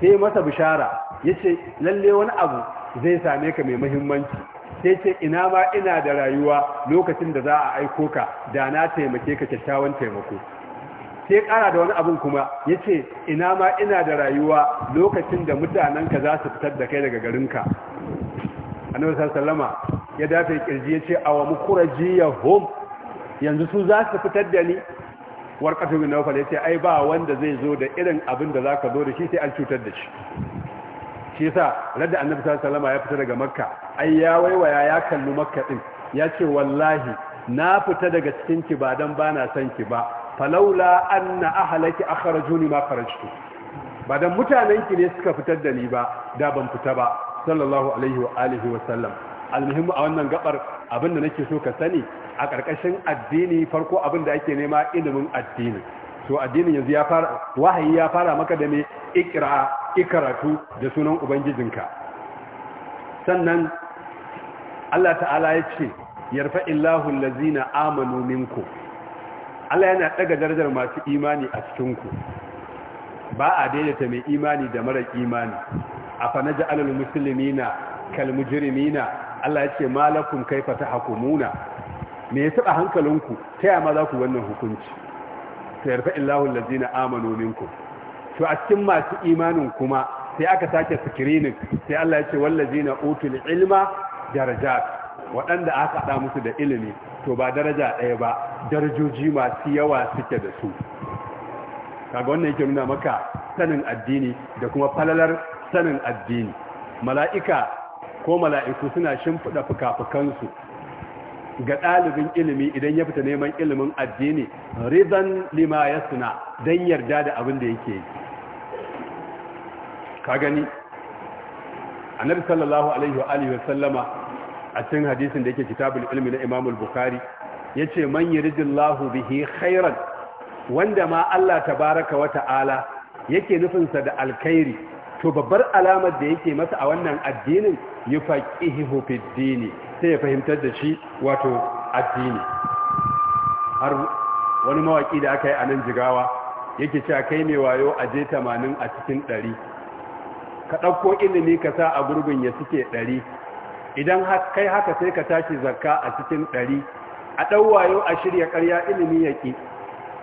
sai masa bishara yace lalle wani abu zai same ka mai muhimmanci sai ce ina ma ina da rayuwa lokacin da za a aiko ka da na taimake ka kyakkyawan taimako sai kara da wani abin kuma ya ce ina ma ina da rayuwa lokacin da mutanenka za su fitar da kai daga garinka annabi salama ya dafe kirji ya ce awa mukuraji ya hom yanzu su za su fitar da ni warkatu bin nawfal ya ce ai ba wanda zai zo da irin abin da za ka zo da shi sai an cutar da shi shi yasa radda annabi sallallahu alaihi wasallam ya fita daga makka ai ya waiwaya ya kalli makka din ya ce wallahi na fita daga cikin ki ba dan bana san ki ba falaula anna ahlaki akhrajuni ma kharajtu ba dan mutanen ki ne suka fitar da ni ba da ban fita ba sallallahu alaihi wa alihi wa sallam almuhimmu a wannan gabar abin da nake so ka sani a karkashin addini farko abin da ake nema ilimin addini to addinin yanzu ya fara wahayi ya fara maka da me ikra ki karatu da sunan ubangijinka sannan Allah ta'ala ya ce yarfa illahu allazina amanu minku Allah yana ɗaga darajar masu imani a cikinku ba a daidaita mai imani da mara imani a fanaji alal musulmi na kalmujirimi Allah ya ce malakun kai fata hakumuna me ya taɓa hankalinku ta yama za ku wannan hukunci ta yarfa illahu allazina amanu minkum to a cikin masu imanin kuma sai aka sake sikirinin sai Allah ya ce wallazi na utul ilma daraja waɗanda aka haɗa musu da ilimi to ba daraja ɗaya ba darajoji masu yawa suke da su kaga wannan yake nuna maka sanin addini da kuma falalar sanin addini mala'ika ko mala'iku suna shimfiɗa fuka-fukansu ga ɗalibin ilimi idan ya fita neman ilimin addini rizan lima ya suna don yarda da abin da yake yi ka gani annabi sallallahu alaihi wa alihi wa sallama a cikin hadisin da yake kitabul ilmi na Imam al-Bukhari yace man yuridillahu bihi khairan wanda ma Allah tabaaraka wa ta'ala yake nufin sa da alkhairi to babbar alamar da yake masa a wannan addinin yufaqihu fid dini sai ya fahimtar da shi wato addini har wani mawaki da aka yi a nan jigawa yake cewa kai mai wayo aje 80 a cikin ɗari. ka ɗauko ilimi ka sa a gurbin ya suke ɗari idan kai haka sai ka tashi zakka a cikin ɗari a ɗau wayo a shirya ƙarya ilimi ya ƙi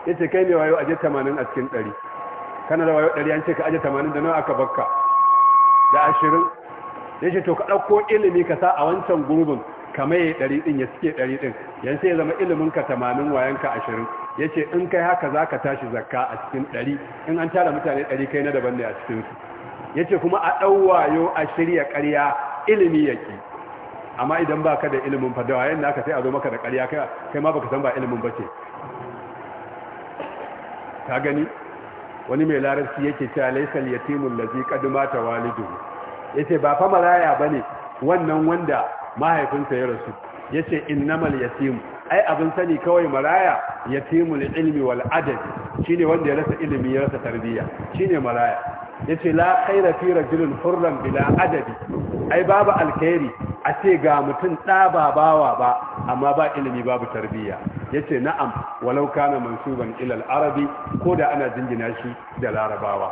ya ce kai mai wayo aje tamanin a cikin ɗari kana da wayo ɗari an ce ka aje tamanin da nawa aka bakka da ashirin ya ce to ka ɗauko ilimi ka sa a wancan gurbin ka ya ɗari ɗin ya suke ɗari ɗin yan sai ya zama ilimin ka tamanin wayan ka ashirin ya ce in kai haka za ka tashi zakka a cikin ɗari in an tara mutane ɗari kai na daban ne a cikinsu Ya ce kuma a ɗauwayo a shirya ƙarya ilimi yake amma idan ba ka da ilimin fadawa yadda aka sai a zo maka da ƙarya kai ma baka san ba ilimin ba ce. Ta gani wani mai larabci yake cewa laysal yatimul ladhi ta mata Ya ce ba fa maraya ba ne, wannan wanda mahaifinsa ya rasu Ya yace innamal yatim ai abin sani kawai maraya yatimun ilimi wal shi shine wanda ya rasa ilimi ya rasa tarbiyya shine maraya yace la khaira fi rajulin hurran bila adabi ai babu alkhairi a ce ga mutum ba bawa ba amma ba ilimi babu tarbiyya yace na'am walau kana mansuban ila al-arabi ko da ana jingina shi da larabawa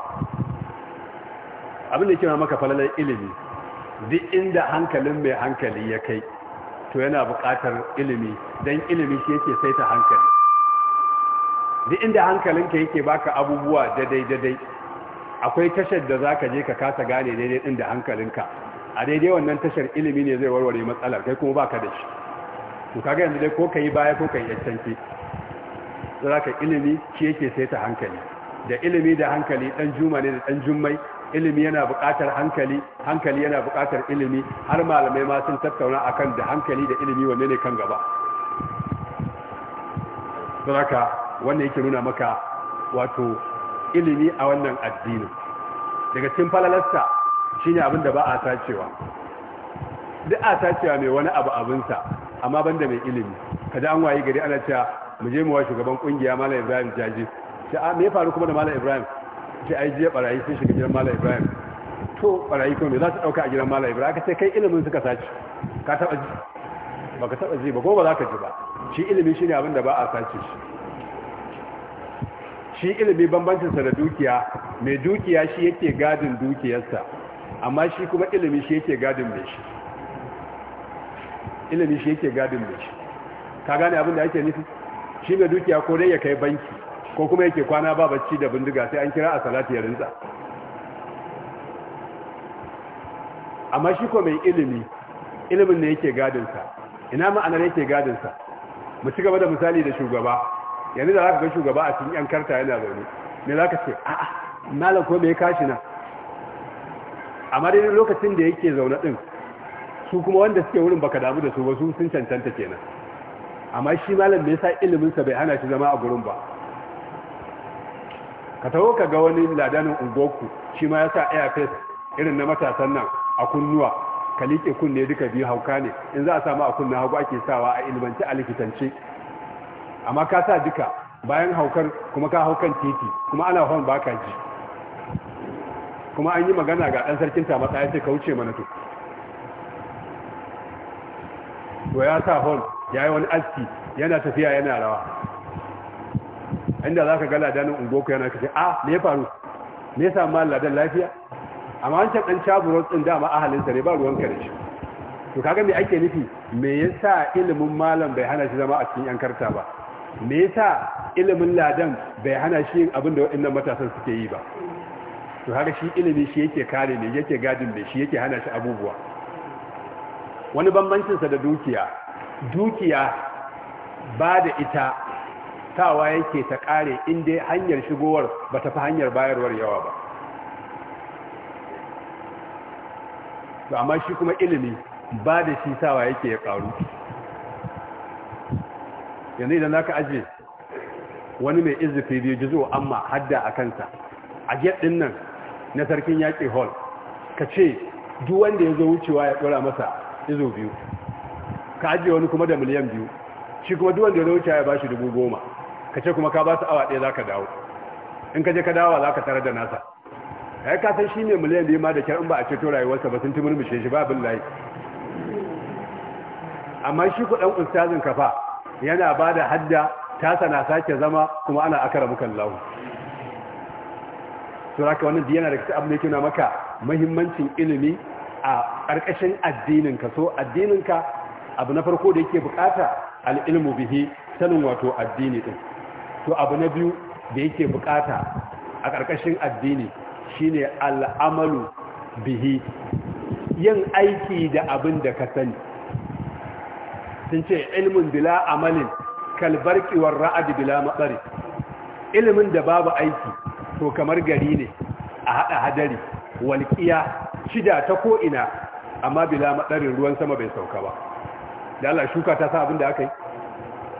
abin da kira maka falalar ilimi duk inda hankalin mai hankali ya kai to yana buƙatar ilimi don ilimi shi yake saita hankali duk inda hankalinka yake baka abubuwa dadai-dadai akwai tashar da za ka je ka kasa gane daidai ɗin da hankalinka a daidai wannan tashar ilimi ne zai warware matsalar kai kuma ba ka da shi to kaga yanzu dai ko ka yi baya ko ka yi yancanki za ka ilimi ci yake sai ta hankali da ilimi da hankali ɗan juma ne da ɗan jummai ilimi yana buƙatar hankali hankali yana buƙatar ilimi har malamai ma sun tattauna akan da hankali da ilimi wanne ne kan gaba saboda wannan yake nuna maka wato ilimi a wannan addinin daga cikin falalarsa shine abin da ba a sacewa duk a sacewa mai wani abu abinsa amma banda mai ilimi kada an waye gari ana cewa mu je mu wa shugaban kungiya malam ibrahim jaji a ah, me ya faru kuma da malam ibrahim ce ai je barayi sun shiga gidan malam ibrahim to barayi kuma me za su dauka a gidan malam ibrahim aka ce kai ilimin suka sace ka taba ji baka taba ji ba ko ba za ka ji ba shi ilimi shine abin da ba a sace shi shi ilimi bambancinsa da dukiya mai dukiya shi yake gadin dukiyarsa amma shi kuma ilimi shi yake gadin mai shi ilimi shi yake gadin mai shi ka gane abin da ake nufi shi mai dukiya ko dai ya kai banki ko kuma yake kwana ba bacci da bindiga sai an kira a salati ya rinsa amma shi ko mai ilimi ilimin ne yake gadinsa ina ma'anar yake gadinsa mu ci gaba da misali da shugaba yanzu da za ka ga shugaba a cikin yan karta yana zaune me za ka ce a'a malam ko me kashi na a madadin lokacin da yake zaune din su kuma wanda suke wurin baka damu da su wasu sun cancanta kenan amma shi malam me yasa iliminsa bai hana shi zama a gurin ba ka taho ka ga wani ladanin ungoku shi ma ya yasa airfest irin na matasan nan a kunnuwa ka liƙe kunne duka biyu hauka ne in za a samu a kunna hagu ake sawa a ilimance a likitanci. amma ka sa duka bayan haukar kuma ka haukan titi kuma ana hon baka ji kuma an yi magana ga ɗan sarkin ta matsa sai ka wuce mana to to ya sa hon ya yi wani aski yana tafiya yana rawa inda za ka ga danin ungoku yana kashe a ah, me faru me ya samu ladan lafiya amma wancan ɗan caburon din dama ahalinsa ne ba ruwan da to kaga me ake nufi me yasa ilimin malam bai hana shi zama a cikin yankarta ba me yasa ilimin ladan bai hana shi yin abin da waɗannan matasan suke yi ba to haka shi ilimi shi yake kare ne yake gadin ne shi yake hana shi abubuwa wani bambancin sa da dukiya dukiya ba da ita tawa yake ta kare inda hanyar shigowar ba ta fi hanyar bayarwar yawa ba to amma shi kuma ilimi ba da shi tawa yake ya karu yanzu idan za ka aji wani mai izifi biyu jizo amma hadda a kanta a din nan na sarkin yaƙi hall ka ce duk wanda ya zo wucewa ya ɗora masa izo biyu ka ajiye wani kuma da miliyan biyu shi kuma duk wanda ya zo wucewa ya ba shi dubu goma ka ce kuma ka ba su awa ɗaya za ka dawo in ka je ka dawo za ka tare da nasa ya ka san shi ne miliyan biyu ma da kyar in ba a ce ceto rayuwarsa ba sun ti murmushe shi ba bin layi amma shi kuɗin ustazin kafa yana ba da hadda tasa na sake zama kuma ana akara mukan lahu suraka wannan yana da kasa abin da ke maka mahimmancin ilimi a ƙarƙashin addininka so addininka abu na farko da yake bukata al'ilmu bihi sanin wato addini ɗin to abu na biyu da yake bukata a ƙarƙashin addini shine al'amalu bihi yin aiki da abin da ka sani sun ce ilmin bila amalin kalbarkiwar ra'adi bila matsari ilimin da babu aiki to kamar gari ne a haɗa hadari walƙiya shida ta ko'ina amma bila maɗarin ruwan sama bai sauka ba da Allah shuka ta sa abin da aka yi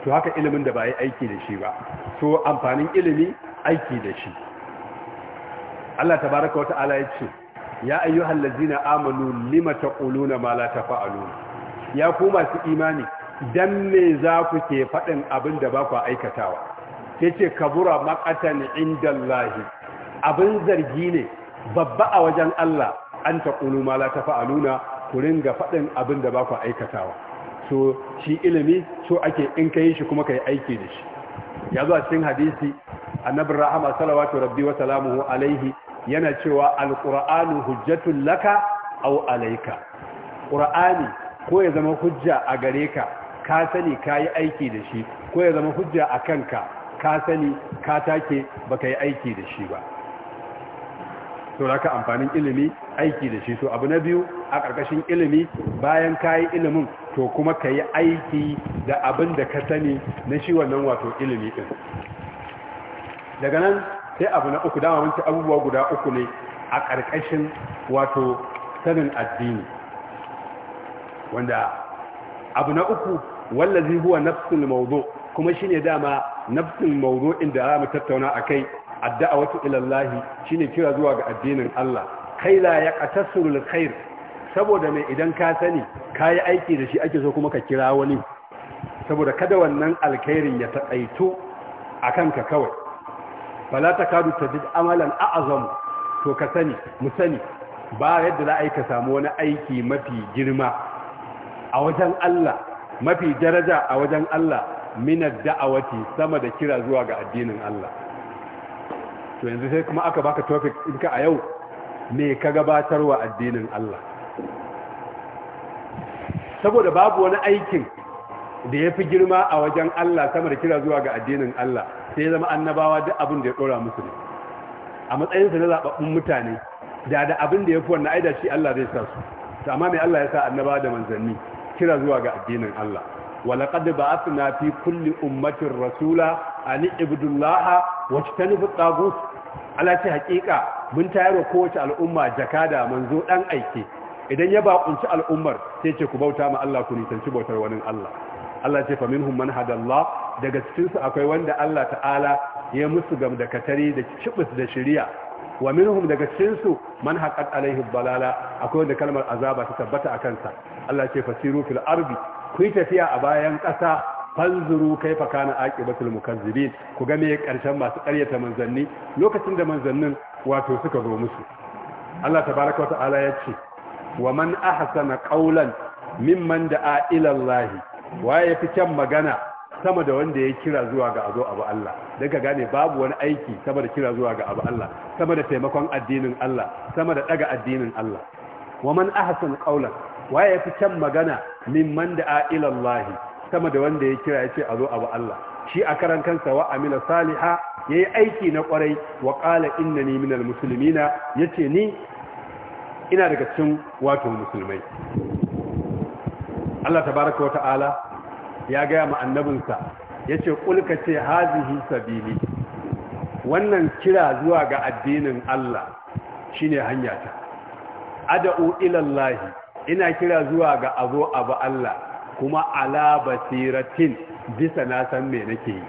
to haka ilimin da ba yi aiki da shi ba to amfanin ilimi aiki da shi Allah wata ala ya ce ya ayyuhallazina amanu lima taquluna ma la tafa'alun ya ku masu imani dan me za ku ke faɗin abin da ba ku aikatawa ya ce kabura makatan inda abin zargi ne babba a wajen Allah an ta ma la ta fa'aluna ku ringa faɗin abin da ba ku aikatawa so shi ilimi so ake in ka yi shi kuma ka yi aiki da shi ya zuwa cikin hadisi annabi rahama salawatu rabbi wa salamuhu alaihi yana cewa alqur'anu hujjatul laka aw alayka qur'ani ko ya zama hujja a gare ka ka sani ka yi aiki da shi ko ya zama hujja a kanka ka sani ka take ba ka yi aiki da shi ba to ka amfanin ilimi aiki da shi so abu na biyu a ƙarƙashin ilimi bayan ka yi ilimin to kuma ka yi aiki da abin da ka sani na shi wannan wato ilimi din. daga nan sai abu na uku dama wancan abubuwa guda uku ne a ƙarƙashin wato sanin addini wanda abu na uku wallazi huwa nafsul mawdu kuma shine dama nafsul inda za mu tattauna akai adda'a ilallahi, Allah shine kira zuwa ga addinin Allah kai la yaqtasurul khair saboda mai idan ka sani kayi aiki da shi ake so kuma ka kira wani saboda kada wannan alkhairin ya taƙaito a kanka kawai fala ta kadu ta amalan a'azam to ka sani mu sani ba yadda za a yi ka samu wani aiki mafi girma a wajen Allah mafi daraja a wajen Allah minar da'awati sama da kira zuwa ga addinin Allah to yanzu sai kuma aka baka topic ka a yau me ka gabatarwa addinin Allah saboda babu wani aikin da ya fi girma a wajen Allah sama da kira zuwa ga addinin Allah sai ya zama annabawa duk abin da ya ɗora musu ne a matsayinsa na zaɓaɓɓun mutane da da abin da ya fi wannan aida shi Allah zai sa su amma mai Allah ya sa annabawa da manzanni kira zuwa ga addinin Allah ولقد بعثنا في كل ummatin rasula ali اعبدوا الله واجتنبوا الطاغوت على شي حقيقة mun tayar wa kowace al'umma jakada manzo dan aiki idan ya bakunci al'ummar sai ce ku bauta ma Allah ku nisanci bautar wani Allah Allah ce fa minhum man hadallah daga cikin su akwai wanda Allah ta'ala ya musu gam da katari da cibis da shari'a wa minhum daga cikin su man haqqat alaihi balala akwai wanda kalmar azaba ta tabbata akan sa Allah ce fasiru fil ardi ku tafiya a bayan ƙasa fanzuru kaifa kana aqibatul mukazzibin ku ga me karshen masu karyata manzanni lokacin da manzannin wato suka zo musu Allah tabaaraka ta'ala ya ce wa man ahsana qawlan mimman da'a ila Allah waye fi can magana sama da wanda ya kira zuwa ga azo abu Allah don gane babu wani aiki sama da kira zuwa ga abu Allah sama da taimakon addinin Allah sama da daga addinin Allah wa man ahsan qawlan waye fi kyan magana mimman da ila Allah sama da wanda ya kira yace azo abu Allah shi a karan kansa wa amila saliha yayi aiki na kwarai wa qala innani minal muslimina yace ni ina daga cikin wato musulmai Allah tabaraka wa ta'ala ya gaya ma annabinsa ya ce ƙulka ce hazihi sabili wannan kira zuwa ga addinin Allah shine hanyata ada'u ilallahi ina kira zuwa ga abu abu Allah kuma ala basiratin bisa na san me nake yi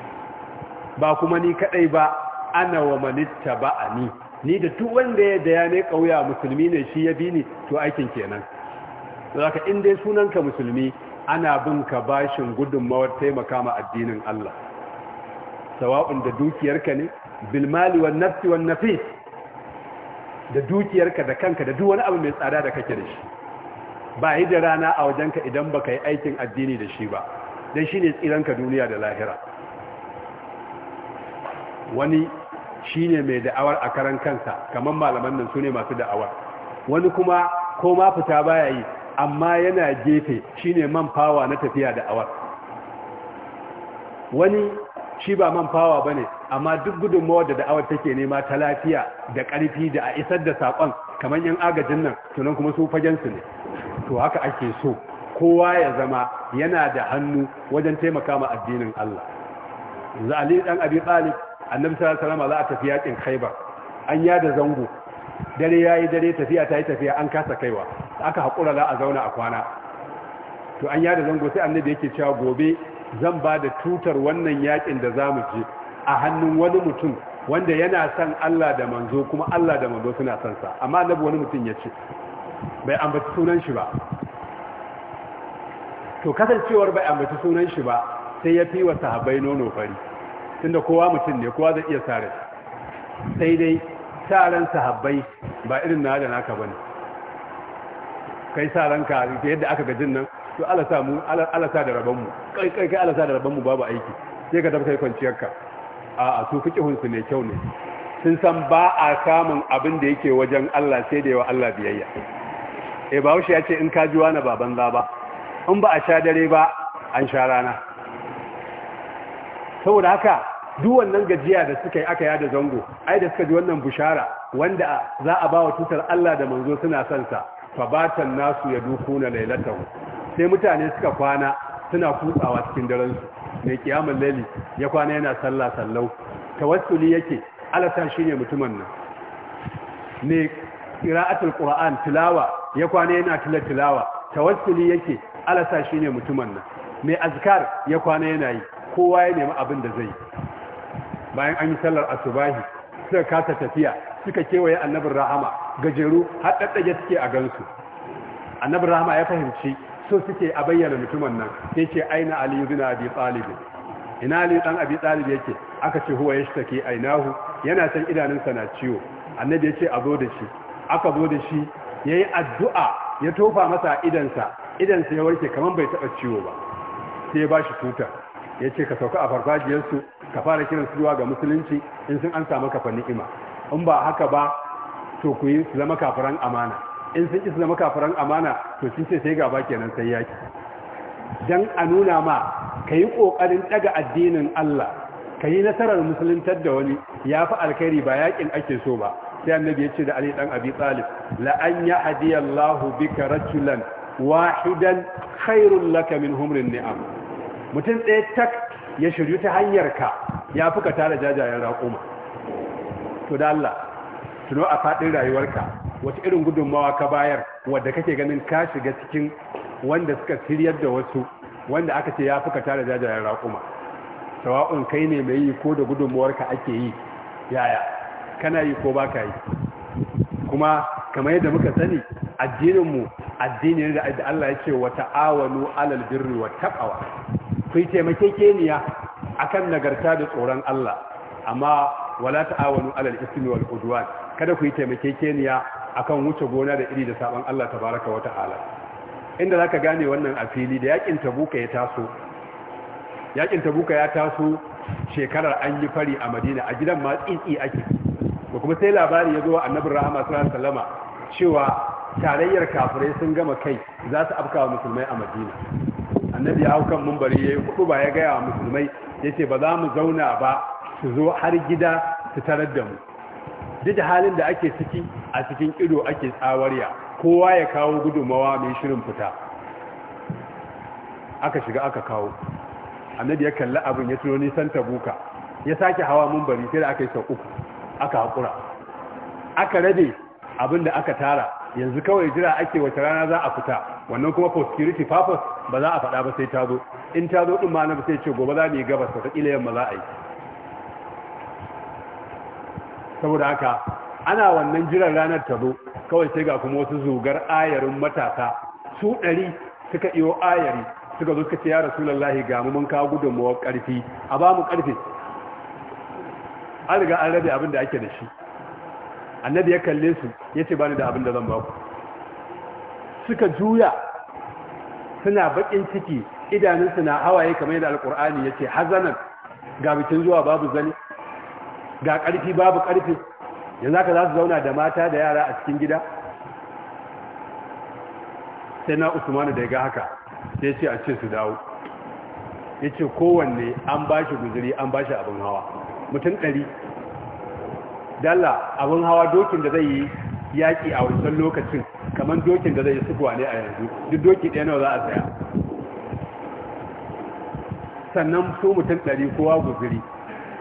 ba kuma ni kadai ba ana wa manitta ba'ani ni Ni da duk wanda ya da ya ne kauya musulmi ne shi ya bi ni to aikin kenan zaka in dai sunanka musulmi ana bin ka bashin gudunmawar taimaka ma addinin Allah sawa'un da dukiyarka ne bilmali wan nafsi wan nafis da dukiyarka da kanka da duk wani abu mai tsada da kake da shi ba yi da rana a wajenka idan baka yi aikin addini da shi ba dan shine tsiranka duniya da lahira wani shine mai da'awar a karan kansa kamar malaman nan sune masu da'awar wani kuma ko ma fita baya yi amma yana gefe shine man fawa na tafiya da awar wani shi ba man fawa ba ne amma duk gudunmawar da da'awar take nema ta lafiya da ƙarfi da a isar da saƙon kamar yan agajin nan tunan kuma su su ne to haka ake so kowa ya zama yana da hannu wajen taimaka ma addinin Allah za ali dan abi talib annabi sallallahu alaihi wasallam za a tafi yakin khaybar an yada zango dare ya yi dare tafiya ta yi tafiya an kasa kaiwa aka haƙura za a zauna a kwana to an yada zango sai annabi yake cewa gobe zan ba da tutar wannan yakin da za mu je a hannun wani mutum wanda yana son Allah da manzo kuma Allah da manzo suna son sa amma annabi wani mutum ya ce bai ambaci sunan shi ba to kasancewar bai ambaci sunan shi ba sai ya fi wa sahabbai nono fari tunda kowa mutum ne kowa zai iya sare sai dai ran sahabbai ba irin na da naka bane kai sa ka yadda aka ga jin nan to Allah sa mu Allah sa da rabon kai kai Allah sa da rabon mu babu aiki sai ka tabbata kwanciyar ka a a to fikihun su ne kyau ne sun san ba a samun abin da yake wajen Allah sai da yawa Allah biyayya eh ba wuce ya ce in ka ji wani baban za ba in ba a sha dare ba an sha rana saboda haka duk wannan gajiya da suka yi aka yada zango ai da suka ji wannan bushara wanda za a ba wa tutar Allah da manzo suna son sa batan nasu ya duku na lailatan sai mutane suka kwana suna kutsawa cikin daren su mai kiyamul laili ya kwana yana sallah sallau tawassuli yake alata shine mutumin nan ne qira'atul qur'an tilawa ya kwana yana tilawa tilawa tawassuli yake alata shine mutumin nan mai azkar ya kwana yana yi kowa ya nemi abin da zai bayan an yi sallar asubahi suka kasa tafiya suka kewaye annabin rahama gajeru har daddage suke a gansu annabin rahama ya fahimci so suke a bayyana mutumin nan sai ce aina ali ibn abi talib ina ali dan abi talib yake aka ce huwa yashtaki ainahu yana san idanunsa na ciwo annabi ya ce a zo da shi aka zo da shi yayi addu'a ya tofa masa idansa idansa ya warke kaman bai taba ciwo ba sai ya bashi tutar ya ce ka sauka a farfajiyarsu ka fara kiran su zuwa ga musulunci in sun an samu kafa ni'ima in ba haka ba to ku yi su zama kafiran amana in sun ki su zama kafiran amana to sun ce sai gaba kenan sai yaki dan a nuna ma ka yi ƙoƙarin ɗaga addinin Allah ka yi nasarar musuluntar da wani ya fi alkhairi ba yakin ake so ba sai annabi ya ce da Ali dan Abi Talib la an hadiyallahu bika rajulan wahidan khairul laka min humrin ni'am mutum ɗaya tak ya shiryu ta hanyar ka ya fi tara jajayen raƙuma to da Allah tuno a faɗin rayuwarka wata irin gudunmawa ka bayar wadda kake ganin ka shiga cikin wanda suka shiryar da wasu wanda aka ce ya fi ka tara jajayen raƙuma sawa'un kai ne mai yi ko da gudunmawarka ake yi yaya kana yi ko baka yi kuma kamar yadda muka sani addininmu addini da Allah ya ce wa awanu alal birri wa taqwa ku taimake taimakekeniya akan nagarta da tsoron Allah amma wala ta'awanu alal ismi wal udwan kada ku yi taimakekeniya akan wuce gona da iri da saban Allah tabaraka wa ta'ala inda zaka gane wannan a fili da yakin tabuka ya taso yakin tabuka ya taso shekarar an yi fari a Madina a gidan ma tsitsi ake ko kuma sai labari ya zo annabi rahama sallallahu alaihi wasallama cewa tarayyar kafirai sun gama kai za su afkawa musulmai a Madina annabi ya kan mumbari ya yi kudu ba ya gaya wa musulmai ya ce ba za mu zauna ba su zo har gida su tarar da mu duk da halin da ake ciki a cikin ido ake tsawarya kowa ya kawo gudunmawa mai shirin fita aka shiga aka kawo annabi ya kalli abin ya tuno nisan tabuka ya sake hawa mumbari sai da aka yi sau uku aka haƙura aka rabe abin da aka tara yanzu kawai jira ake wata rana za a fita wannan kuma for security purpose ba za a faɗa ba sai ta zo in ta zo ɗin ma na sai ce gobe za mu yi gabas ta wataƙila yamma za a yi saboda haka ana wannan jiran ranar ta zo kawai sai ga kuma wasu zugar ayarin matasa su ɗari suka iyo ayari suka zo suka ce ya rasulallahi ga mu mun kawo gudunmawar ƙarfi a ba mu ƙarfi an riga an rabe abin da ake da shi annabi ya kalle su ya ce bani da abin da zan ba ku suka juya suna bakin ciki idanunsu na hawaye kamar yadda alkur'ani ya ce hazanan ga bikin zuwa babu zane ga ƙarfi babu ƙarfi yanzu aka za su zauna da mata da yara a cikin gida sai na usmanu da ya ga haka sai ce a ce su dawo ya ce kowanne an ba shi guziri an ba shi abin hawa mutum ɗari Dala abin hawa dokin da zai yi yaƙi a wancan lokacin kamar dokin da zai yi sukuwa ne a yanzu duk doki ɗaya nawa za a saya sannan su mutum ɗari kowa guziri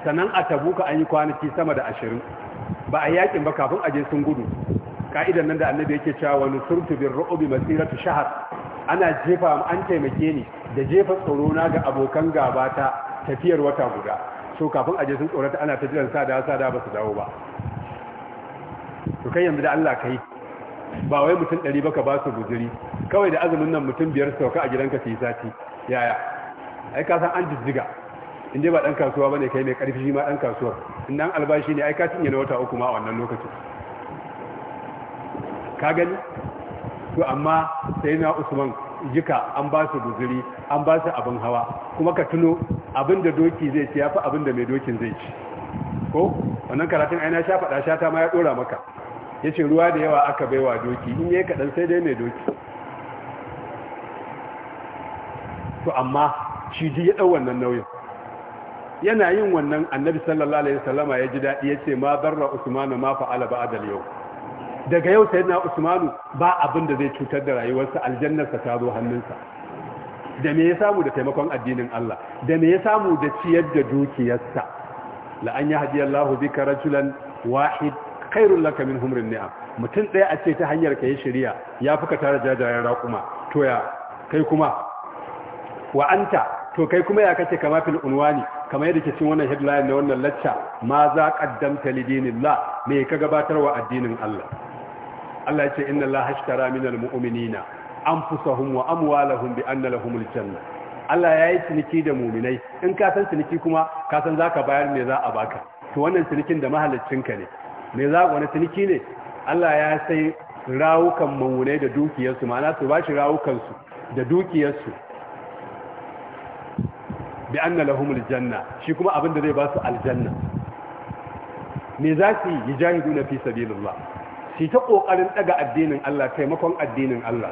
sannan a tabuka an yi kwanaki sama da ashirin ba a yaƙin ba kafin aje sun gudu ka'idan nan da annabi yake cewa wani surtu bin ru'ubi masiratu shahar ana jefa an taimake ni da jefa tsoro na ga abokan gaba ta tafiyar wata guda to kafin aje sun tsorata ana ta jiran sada sada ba su dawo ba to kai yanzu da Allah kai ba wai mutum ɗari baka ba su guzuri kawai da azumin nan mutum biyar sauka a gidanka su yi sati yaya ai ka san an jijjiga in ba ɗan kasuwa bane kai mai ƙarfi shi ma ɗan kasuwar in nan albashi ne ai ka cinye na wata uku ma a wannan lokacin ka gani to amma sai na usman jika an ba su guzuri an ba su abin hawa kuma ka tuno abin da doki zai ci ya fi abin da mai dokin zai ci ko wannan karatun aina sha faɗa sha ta ma ya ɗora maka ya ce ruwa da yawa aka baiwa doki in yi kaɗan sai dai mai doki to amma shi ji ya ɗau wannan nauyin yana yin wannan annabi sallallahu alaihi wasallama ya ji daɗi ya ce ma barra usmanu ma fa'ala ba'adal yau daga yau sai na usmanu ba abin da zai cutar da rayuwarsa aljannarsa ta zo hannunsa da me ya samu da taimakon addinin Allah da me ya samu da ciyar da dukiyarsa la an yahdi Allahu bika rajulan wahid khairul laka min humrin ni'am mutum ɗaya a ce ta hanyar ka yi shari'a ya fuka tara jajayen raƙuma to ya kai kuma wa anta to kai kuma ya kace kama fil unwani Kamar yadda ke cin wannan headline na wannan lacca ma za qaddamta lidinillah me ka gabatar wa addinin Allah Allah ya ce inna Allah hashtara minal mu'minina anfusahum wa amwalahum bi anna lahumul janna Allah ya yi ciniki da muminai in ka san ciniki kuma ka san zaka bayar me za a baka to wannan cinikin da ka ne me za wani ciniki ne Allah ya sai rawukan muminai da dukiyarsu ma'ana su bashi rawukansu da dukiyarsu bi anna lahumul janna shi kuma abin da zai ba su aljanna me za su yi jahidu na fi sabilillah su ta ƙoƙarin ɗaga addinin Allah taimakon addinin Allah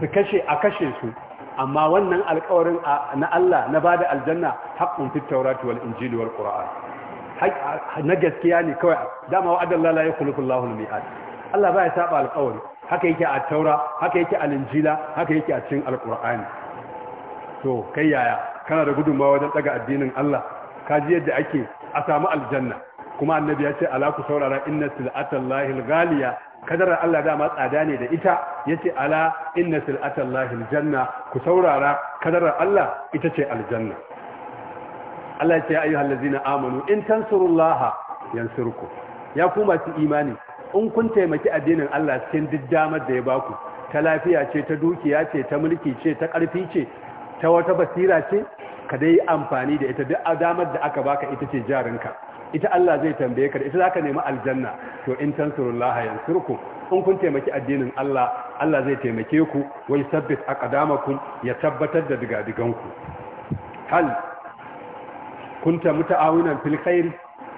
su kashe a kashe su amma wannan alƙawarin na Allah na ba da aljanna haƙƙun fi wal injili wal qur'an na gaskiya ne kawai dama wa adalla la yakhluqu Allahu al-mi'ad Allah baya saba alƙawari haka yake a taura haka yake a injila haka yake a cikin alƙur'ani to kai yaya kana da gudunmawa wajen ɗaga addinin Allah ka ji yadda ake a samu aljanna kuma annabi ya ce ala ku saurara inna sil'atallahi galiya. ghaliya kadarar Allah dama tsada ne da ita yace ala inna sil'atallahi al-janna ku saurara kadarar Allah ita ce aljanna Allah ya ce ayyuhal ladzina amanu in tansurullaha yansurku ya ku masu imani in kun taimaki addinin Allah cikin duk damar da ya baku ta lafiya ce ta dukiya ce ta mulki ce ta ƙarfi ce ta wata basira ce ka dai amfani da ita duk damar da aka baka ita ce jarinka ita Allah zai tambaye ka da ita zaka nemi aljanna to in tansurullaha yansurku. in kun taimaki addinin Allah Allah zai taimake ku wa yusabbit aqdamakum ya tabbatar da ku. hal kunta muta'awinan fil khair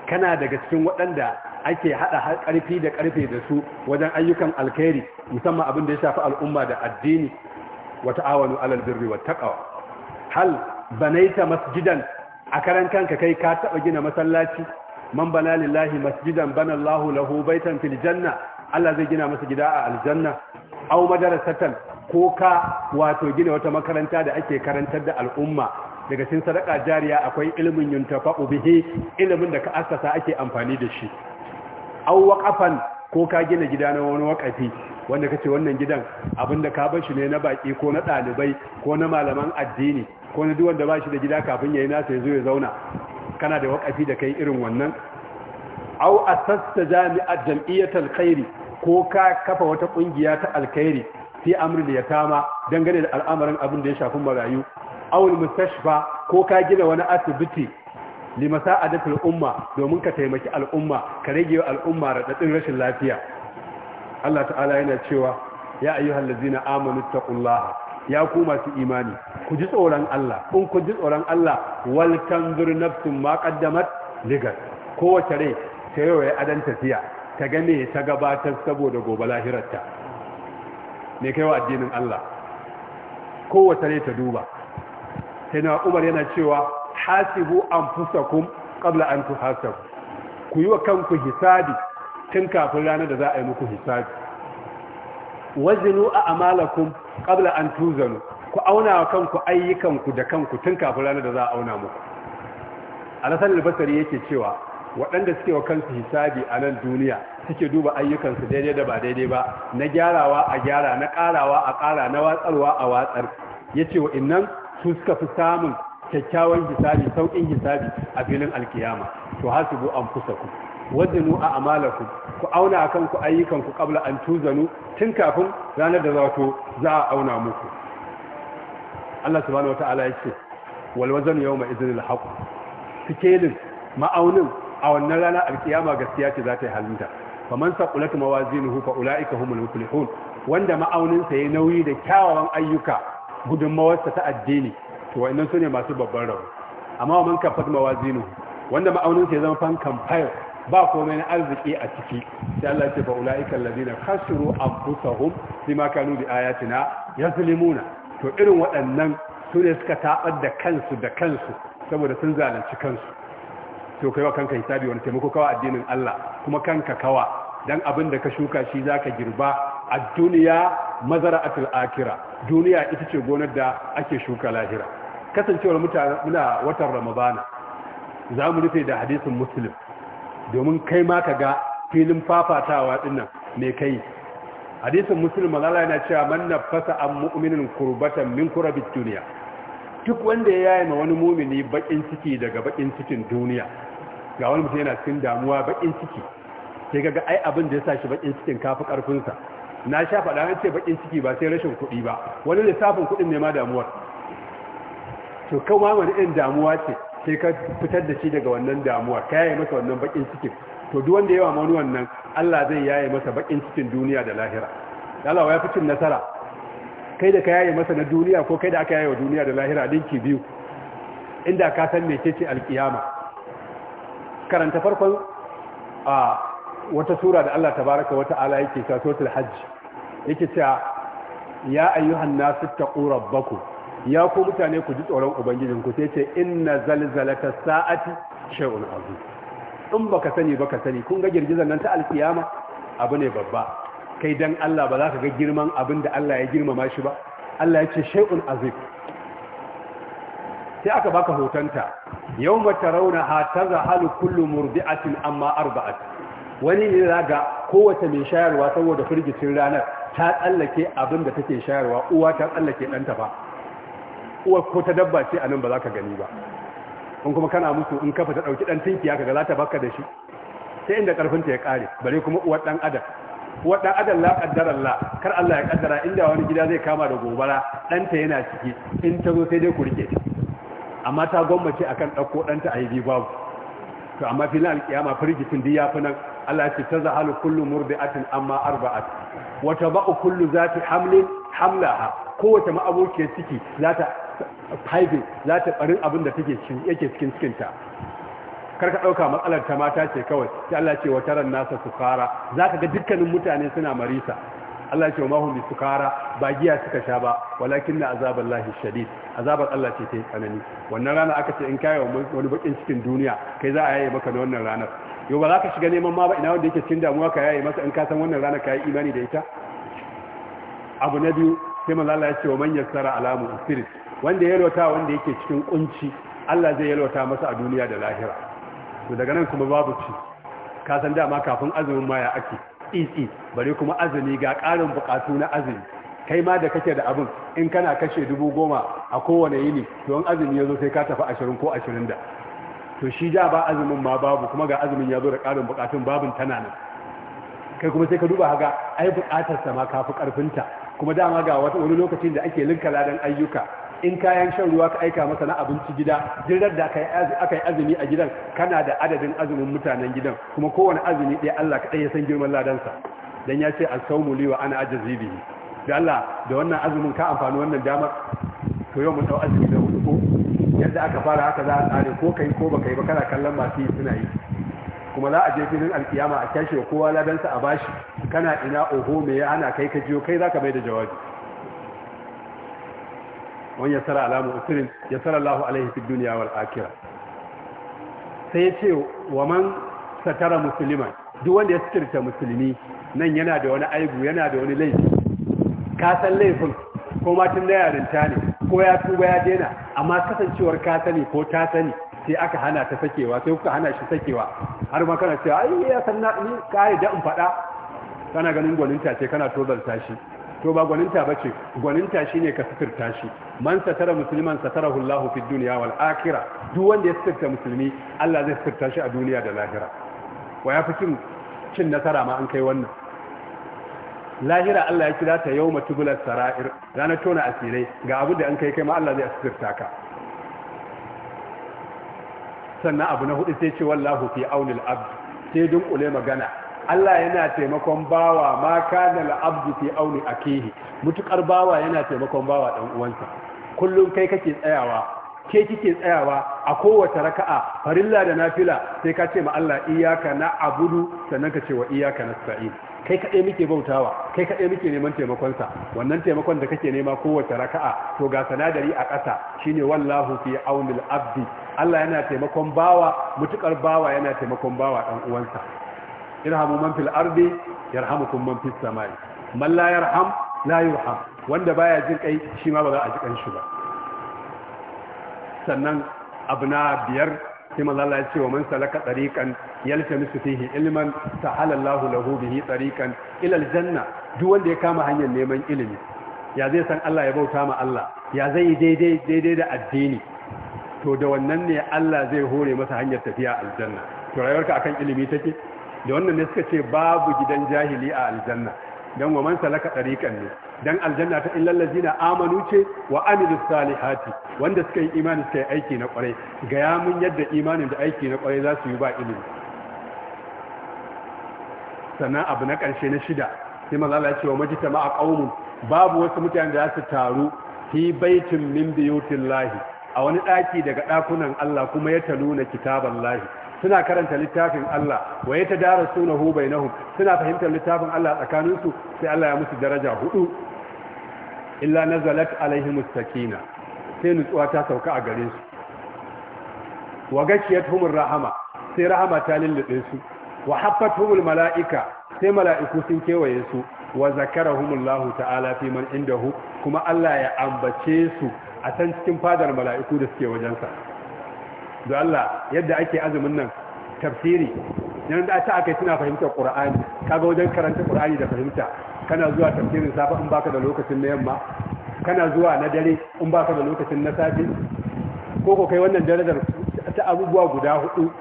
kana daga cikin waɗanda ake haɗa ƙarfi da ƙarfe da su wajen ayyukan alkhairi musamman abin da ya shafi al'umma da addini wa ta'awanu alal birri wat taqwa hal banaita masjidan a karan kanka kai ka taba gina masallaci man bana lillahi masjidan bana Allahu lahu baitan fil janna Allah zai gina masa gida a aljanna aw madrasatan ko ka wato gina wata makaranta da ake karantar da al'umma daga cikin sadaka jariya akwai ilimin yuntafa'u bihi ilimin da ka assasa ake amfani da shi aw waqafan ko ka gina gida na wani wakafi wanda kace wannan gidan abinda ka bar shi ne na baki ko na dalibai ko na malaman addini ko na duk wanda ba shi da gida kafin yayi nasa ya zo ya zauna kana da waƙafi da kai irin wannan au asasta jami'ar jam'iyyar alkhairi ko ka kafa wata ƙungiya ta alkhairi fi amrin ya tama dangane da al'amarin abin da ya shafi marayu au mustashfa ko ka gina wani asibiti li masa'adatul umma domin ka taimaki al'umma ka rage al'umma radadin rashin lafiya Allah ta'ala yana cewa ya ayyuhallazina amanu taqullaha ya ku masu imani ku ji tsoron Allah in ku ji tsoron Allah wal tanzur nafsun ma qaddamat ligat kowace rai ta ya adan tafiya ta ga me ta gabatar saboda gobe lahirarta me wa addinin Allah kowace rai ta duba sai na Umar yana cewa hasibu anfusakum qabla an tuhasabu ku yi wa kanku hisabi tun kafin ranar da za a yi muku hisabi wazinu a amalakum ƙabla an tuzanu ku auna kanku ayyukanku da kanku tun kafin ranar da za a auna muku alasan albasari yake cewa waɗanda suke wa kansu hisabi a nan duniya suke duba ayyukansu daidai da ba daidai ba na gyarawa a gyara na ƙarawa a ƙara na watsarwa a watsar ya ce wa innan su suka fi samun kyakkyawan hisabi sauƙin hisabi a filin alkiyama to hasibu an kusa ku wazinu a amalaku ku auna akan ku ayyukan ku qabla an tuzanu tun kafin ranar da zato za a auna muku Allah subhanahu wataala ce wal wazanu yawma idhil haqq Sikelin, ma'aunin a wannan rana alkiyama gaskiya ce za ta yi halinta faman saqulat mawazinuhu fa ulaika humul muflihun wanda ma'aunin sa yayi nauyi da kyawawan ayyuka gudunmawarsa ta addini to wayannan sune masu babban rawa amma man kafat mawazinuhu wanda ma'aunin sa ya zama fankan fire ba komai na arziki a ciki sai Allah ce fa ulaiikal ladina khasiru anfusahum bima kanu bi ayatina yazlimuna to irin waɗannan su ne suka tabar da kansu da kansu saboda sun zalunci kansu to kai wa kanka hisabi wani taimako kawa addinin Allah kuma kanka kawa dan abin da ka shuka shi zaka girba a duniya mazara'atul akira duniya ita ce gonar da ake shuka lahira kasancewar mutane muna watan ramadana zamu rufe da hadisin muslim domin kai ma ka ga filin fafatawa dinnan me kai hadisin muslim mazala yana cewa man nafasa an mu'minin kurbatan min kurabit duniya duk wanda ya yi ma wani mumini bakin ciki daga bakin cikin duniya ga wani mutum yana cikin damuwa bakin ciki sai ga ai abin da ya sa shi bakin cikin kafi karfin na sha faɗa an ce bakin ciki ba sai rashin kuɗi ba wani lissafin kuɗin ne ma damuwar to kan wani irin damuwa ce sai ka fitar da shi daga wannan damuwa ka yaye masa wannan bakin cikin to duk wanda yawa mani wannan Allah zai yaye masa bakin cikin duniya da lahira Allah ya fi nasara kai da ka yaye masa na duniya ko kai da aka yaye wa duniya da lahira dinki biyu inda ka san mece ce alkiyama karanta farkon a wata sura da Allah tabaraka wa ta'ala yake ta suratul hajj yake cewa ya ayyuhan nasu taqu rabbakum ya ku mutane ku ji tsoron ubangijin ku sai ce inna zalzalata sa'ati shay'un azim in baka sani baka sani kun ga girgizan nan ta alkiyama abu ne babba kai dan Allah ba za ka ga girman abin da Allah ya girmama shi ba Allah ya ce shay'un azim sai aka baka hotonta yawma tarawna tazahalu kullu murdi'atin amma arba'at wani ne zaga kowace mai shayarwa saboda firgicin ranar ta tsallake abin da take shayarwa uwa ta tsallake ɗanta ba uwar ko ta dabba ce a nan ba za ka gani ba in kuma kana musu in kafa ta ɗauki ɗan tinkiya kaga za ta baka da shi sai inda ƙarfinta ya ƙare bare kuma uwar ɗan adam uwar ɗan adam la ƙaddara la kar Allah ya ƙaddara inda wani gida zai kama da gobara ɗanta yana ciki in ta zo sai dai ku riƙe amma ta gwammace akan ɗauko ɗanta a yi babu to amma filin alƙiyama firgitin duk ya fi nan Allah ce ta zahalu kullu murdi'atin amma arba'at wa ba'u kullu zati hamlin hamlaha kowace ma'abokiyar ciki za ta haibin za ta barin abin da take cikin yake cikin cikinta kar ka ɗauka matsalar ta mata ce kawai sai Allah ce wa taran nasa sukara zaka ga dukkanin mutane suna marisa Allah ce wa mahum bi sukara ba giya suka sha ba walakin na azaballahi shadid azabar Allah ce ta tsanani wannan rana aka ce in kai wani bakin cikin duniya kai za a yaye maka da wannan ranar yau ba za ka shiga neman ma ba ina wanda yake cikin damuwa ka yaye masa in ka san wannan ranar ka yi imani da ita abu na biyu sai manzo Allah ya ce wa man yassara alamu usir wanda ya yalwata wanda yake cikin kunci Allah zai yalwata masa a duniya da lahira to daga nan kuma babu ci ka san dama kafin azumin ma ya ake tsitsi bare kuma azumi ga karin bukatu na azumi kai ma da kake da abin in kana kashe dubu goma a kowane yini to in azumi ya zo sai ka tafi ashirin ko ashirin da to shi da ba azumin ma babu kuma ga azumin ya zo da karin bukatun babin tana nan kai kuma sai ka duba haka ai bukatarsa ma kafi karfinta kuma dama ga wani lokacin da ake linka ladan ayyuka in kayan shan ruwa ka aika masa na abinci gida jirar da aka yi azumi a gidan kana da adadin azumin mutanen gidan kuma kowane azumi ɗaya Allah kaɗai ya san girman ladansa dan ya ce al-sawmu wa ana ajzi zibi da Allah da wannan azumin ka amfani wannan damar to yau mun ɗau azumi da hudu ko yadda aka fara haka za a tsare ko kai ko baka yi ba kana kallon masu yi suna yi kuma za a je filin alkiyama a kashe kowa ladansa a bashi kana ina oho me ya ana kai ka jiyo kai za ka bai da jawabi wani ya tsara alamu usirin ya tsara Allahu alaihi fi duniya wal akira sai ya ce wa man satara musulman duk wanda ya sitirta musulmi nan yana da wani aibu yana da wani laifi ka san laifin ko ma tun da yarinta ne ko ya tuba ya daina amma kasancewar ka sani ko ta sani sai aka hana ta sakewa sai kuka hana shi sakewa har ma kana cewa ai ya san na ni kai da in faɗa kana ganin gwaninta ce kana tozarta shi to ba gwaninta ba ce gwaninta shi ne ka suturta shi man satara musulman satara hullahu fi duniya wal akira duk wanda ya suturta musulmi Allah zai suturta shi a duniya da lahira wa ya fi cin cin nasara ma an kai wannan lahira Allah ya kira ta yau tubular sara'ir ranar tona asirai ga abu da an kai kai ma Allah zai suturta ka sannan abu na hudu sai ce wallahu fi aunil abd sai dunkule magana Allah yana taimakon bawa ma kana al'abdu fi auni akihi mutukar bawa yana taimakon bawa dan uwansa kullum kai kake tsayawa ke kike tsayawa a kowace raka'a farilla da nafila sai ka ce ma Allah iyyaka na'budu sannan ka ce wa iyyaka nasta'in kai kaɗai muke bautawa kai kaɗai muke neman taimakonsa wannan taimakon da kake nema kowace raka'a to ga sanadari a ƙasa shine wallahu fi aunil abdi Allah yana taimakon bawa mutukar bawa yana taimakon bawa dan uwansa irhamu man fil ardi yarhamukum man fis samai man la yarham la yurham wanda baya jin kai shi ma ba za a ji kan ba sannan abu na biyar sai manzo Allah ya ce wa man salaka tariqan yaltamisu fihi ilman sahala Allahu lahu bihi tariqan ila aljanna duk wanda ya kama hanyar neman ilimi ya zai san Allah ya bauta ma Allah ya zai daidai daidai da addini to da wannan ne Allah zai hore masa hanyar tafiya aljanna to rayuwarka akan ilimi take da wannan ne suka ce babu gidan jahili a aljanna dan wa man salaka tariqan ne dan aljanna ta illal ladina amanu ce wa amilu salihati wanda suka yi imani suka yi aiki na kwarai ga ya mun yadda imanin da aiki na kwarai za su yi ba ilimi sannan abu na karshe na shida sai manzo Allah ya ce wa majtama a qaumun babu wasu mutane da za su taru fi baitin min biyutillahi a wani ɗaki daga ɗakunan Allah kuma ya taluna lahi. suna karanta littafin Allah wa ya ta dara suna fahimtar littafin Allah tsakaninsu sai Allah ya musu daraja hudu illa na nazalat alaihi sakina sai nutsuwa ta sauka a gare su wa humur rahama sai rahama ta lullube su wa humul mala'ika sai mala'iku sun kewaye su wa zakarahumullahu ta'ala fi man indahu kuma Allah ya ambace su a can cikin fadar mala'iku da suke wajensa da Allah yadda ake azumin nan tafsiri yana da ta aka tuna fahimtar Qur'ani kaga wajen karanta Qur'ani da fahimta kana zuwa tafsirin safa in baka da lokacin na yamma kana zuwa na dare in baka da lokacin na safi ko ko kai wannan darajar ta abubuwa guda hudu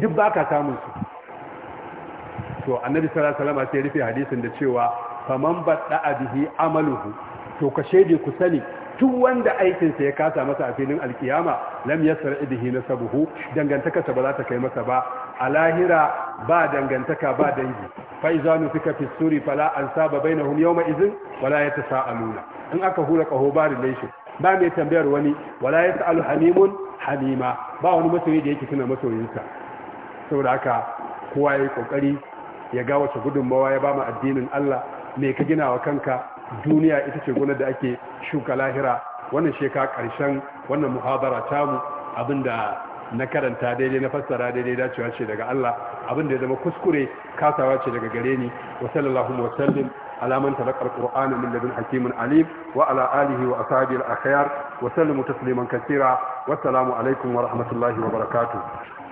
duk baka samun su to annabi sallallahu alaihi wasallam sai rufe hadisin da cewa faman badda bihi amaluhu to ka shede ku sani duk wanda aikinsa ya kasa masa a filin alkiyama lam idihi na sabuhu, dangantakarsa ba za ta kai masa ba a lahira ba dangantaka ba dangi fa fisuri fala fi suri bai na bainahum yawma idhin wala nuna. in aka hura ƙaho ba relation ba mai tambayar wani wala yasalu hamimun hamima ba wani masoyi da yake tuna masoyinsa saboda haka kowa yayi kokari ya ga wace gudunmawa ya ba mu addinin Allah me ka gina wa kanka duniya ita ce gonar da ake shuka lahira wannan sheka karshen wannan muhabara tamu abinda na karanta daidai na fassara daidai dacewa ce daga Allah abinda ya zama kuskure kasawa ce daga gare ni wa sallallahu wa sallim ala man talaqa min ladun hakimin alim wa ala alihi wa ashabihi al-akhyar wa sallimu tasliman katsira alaikum wa rahmatullahi wa barakatuh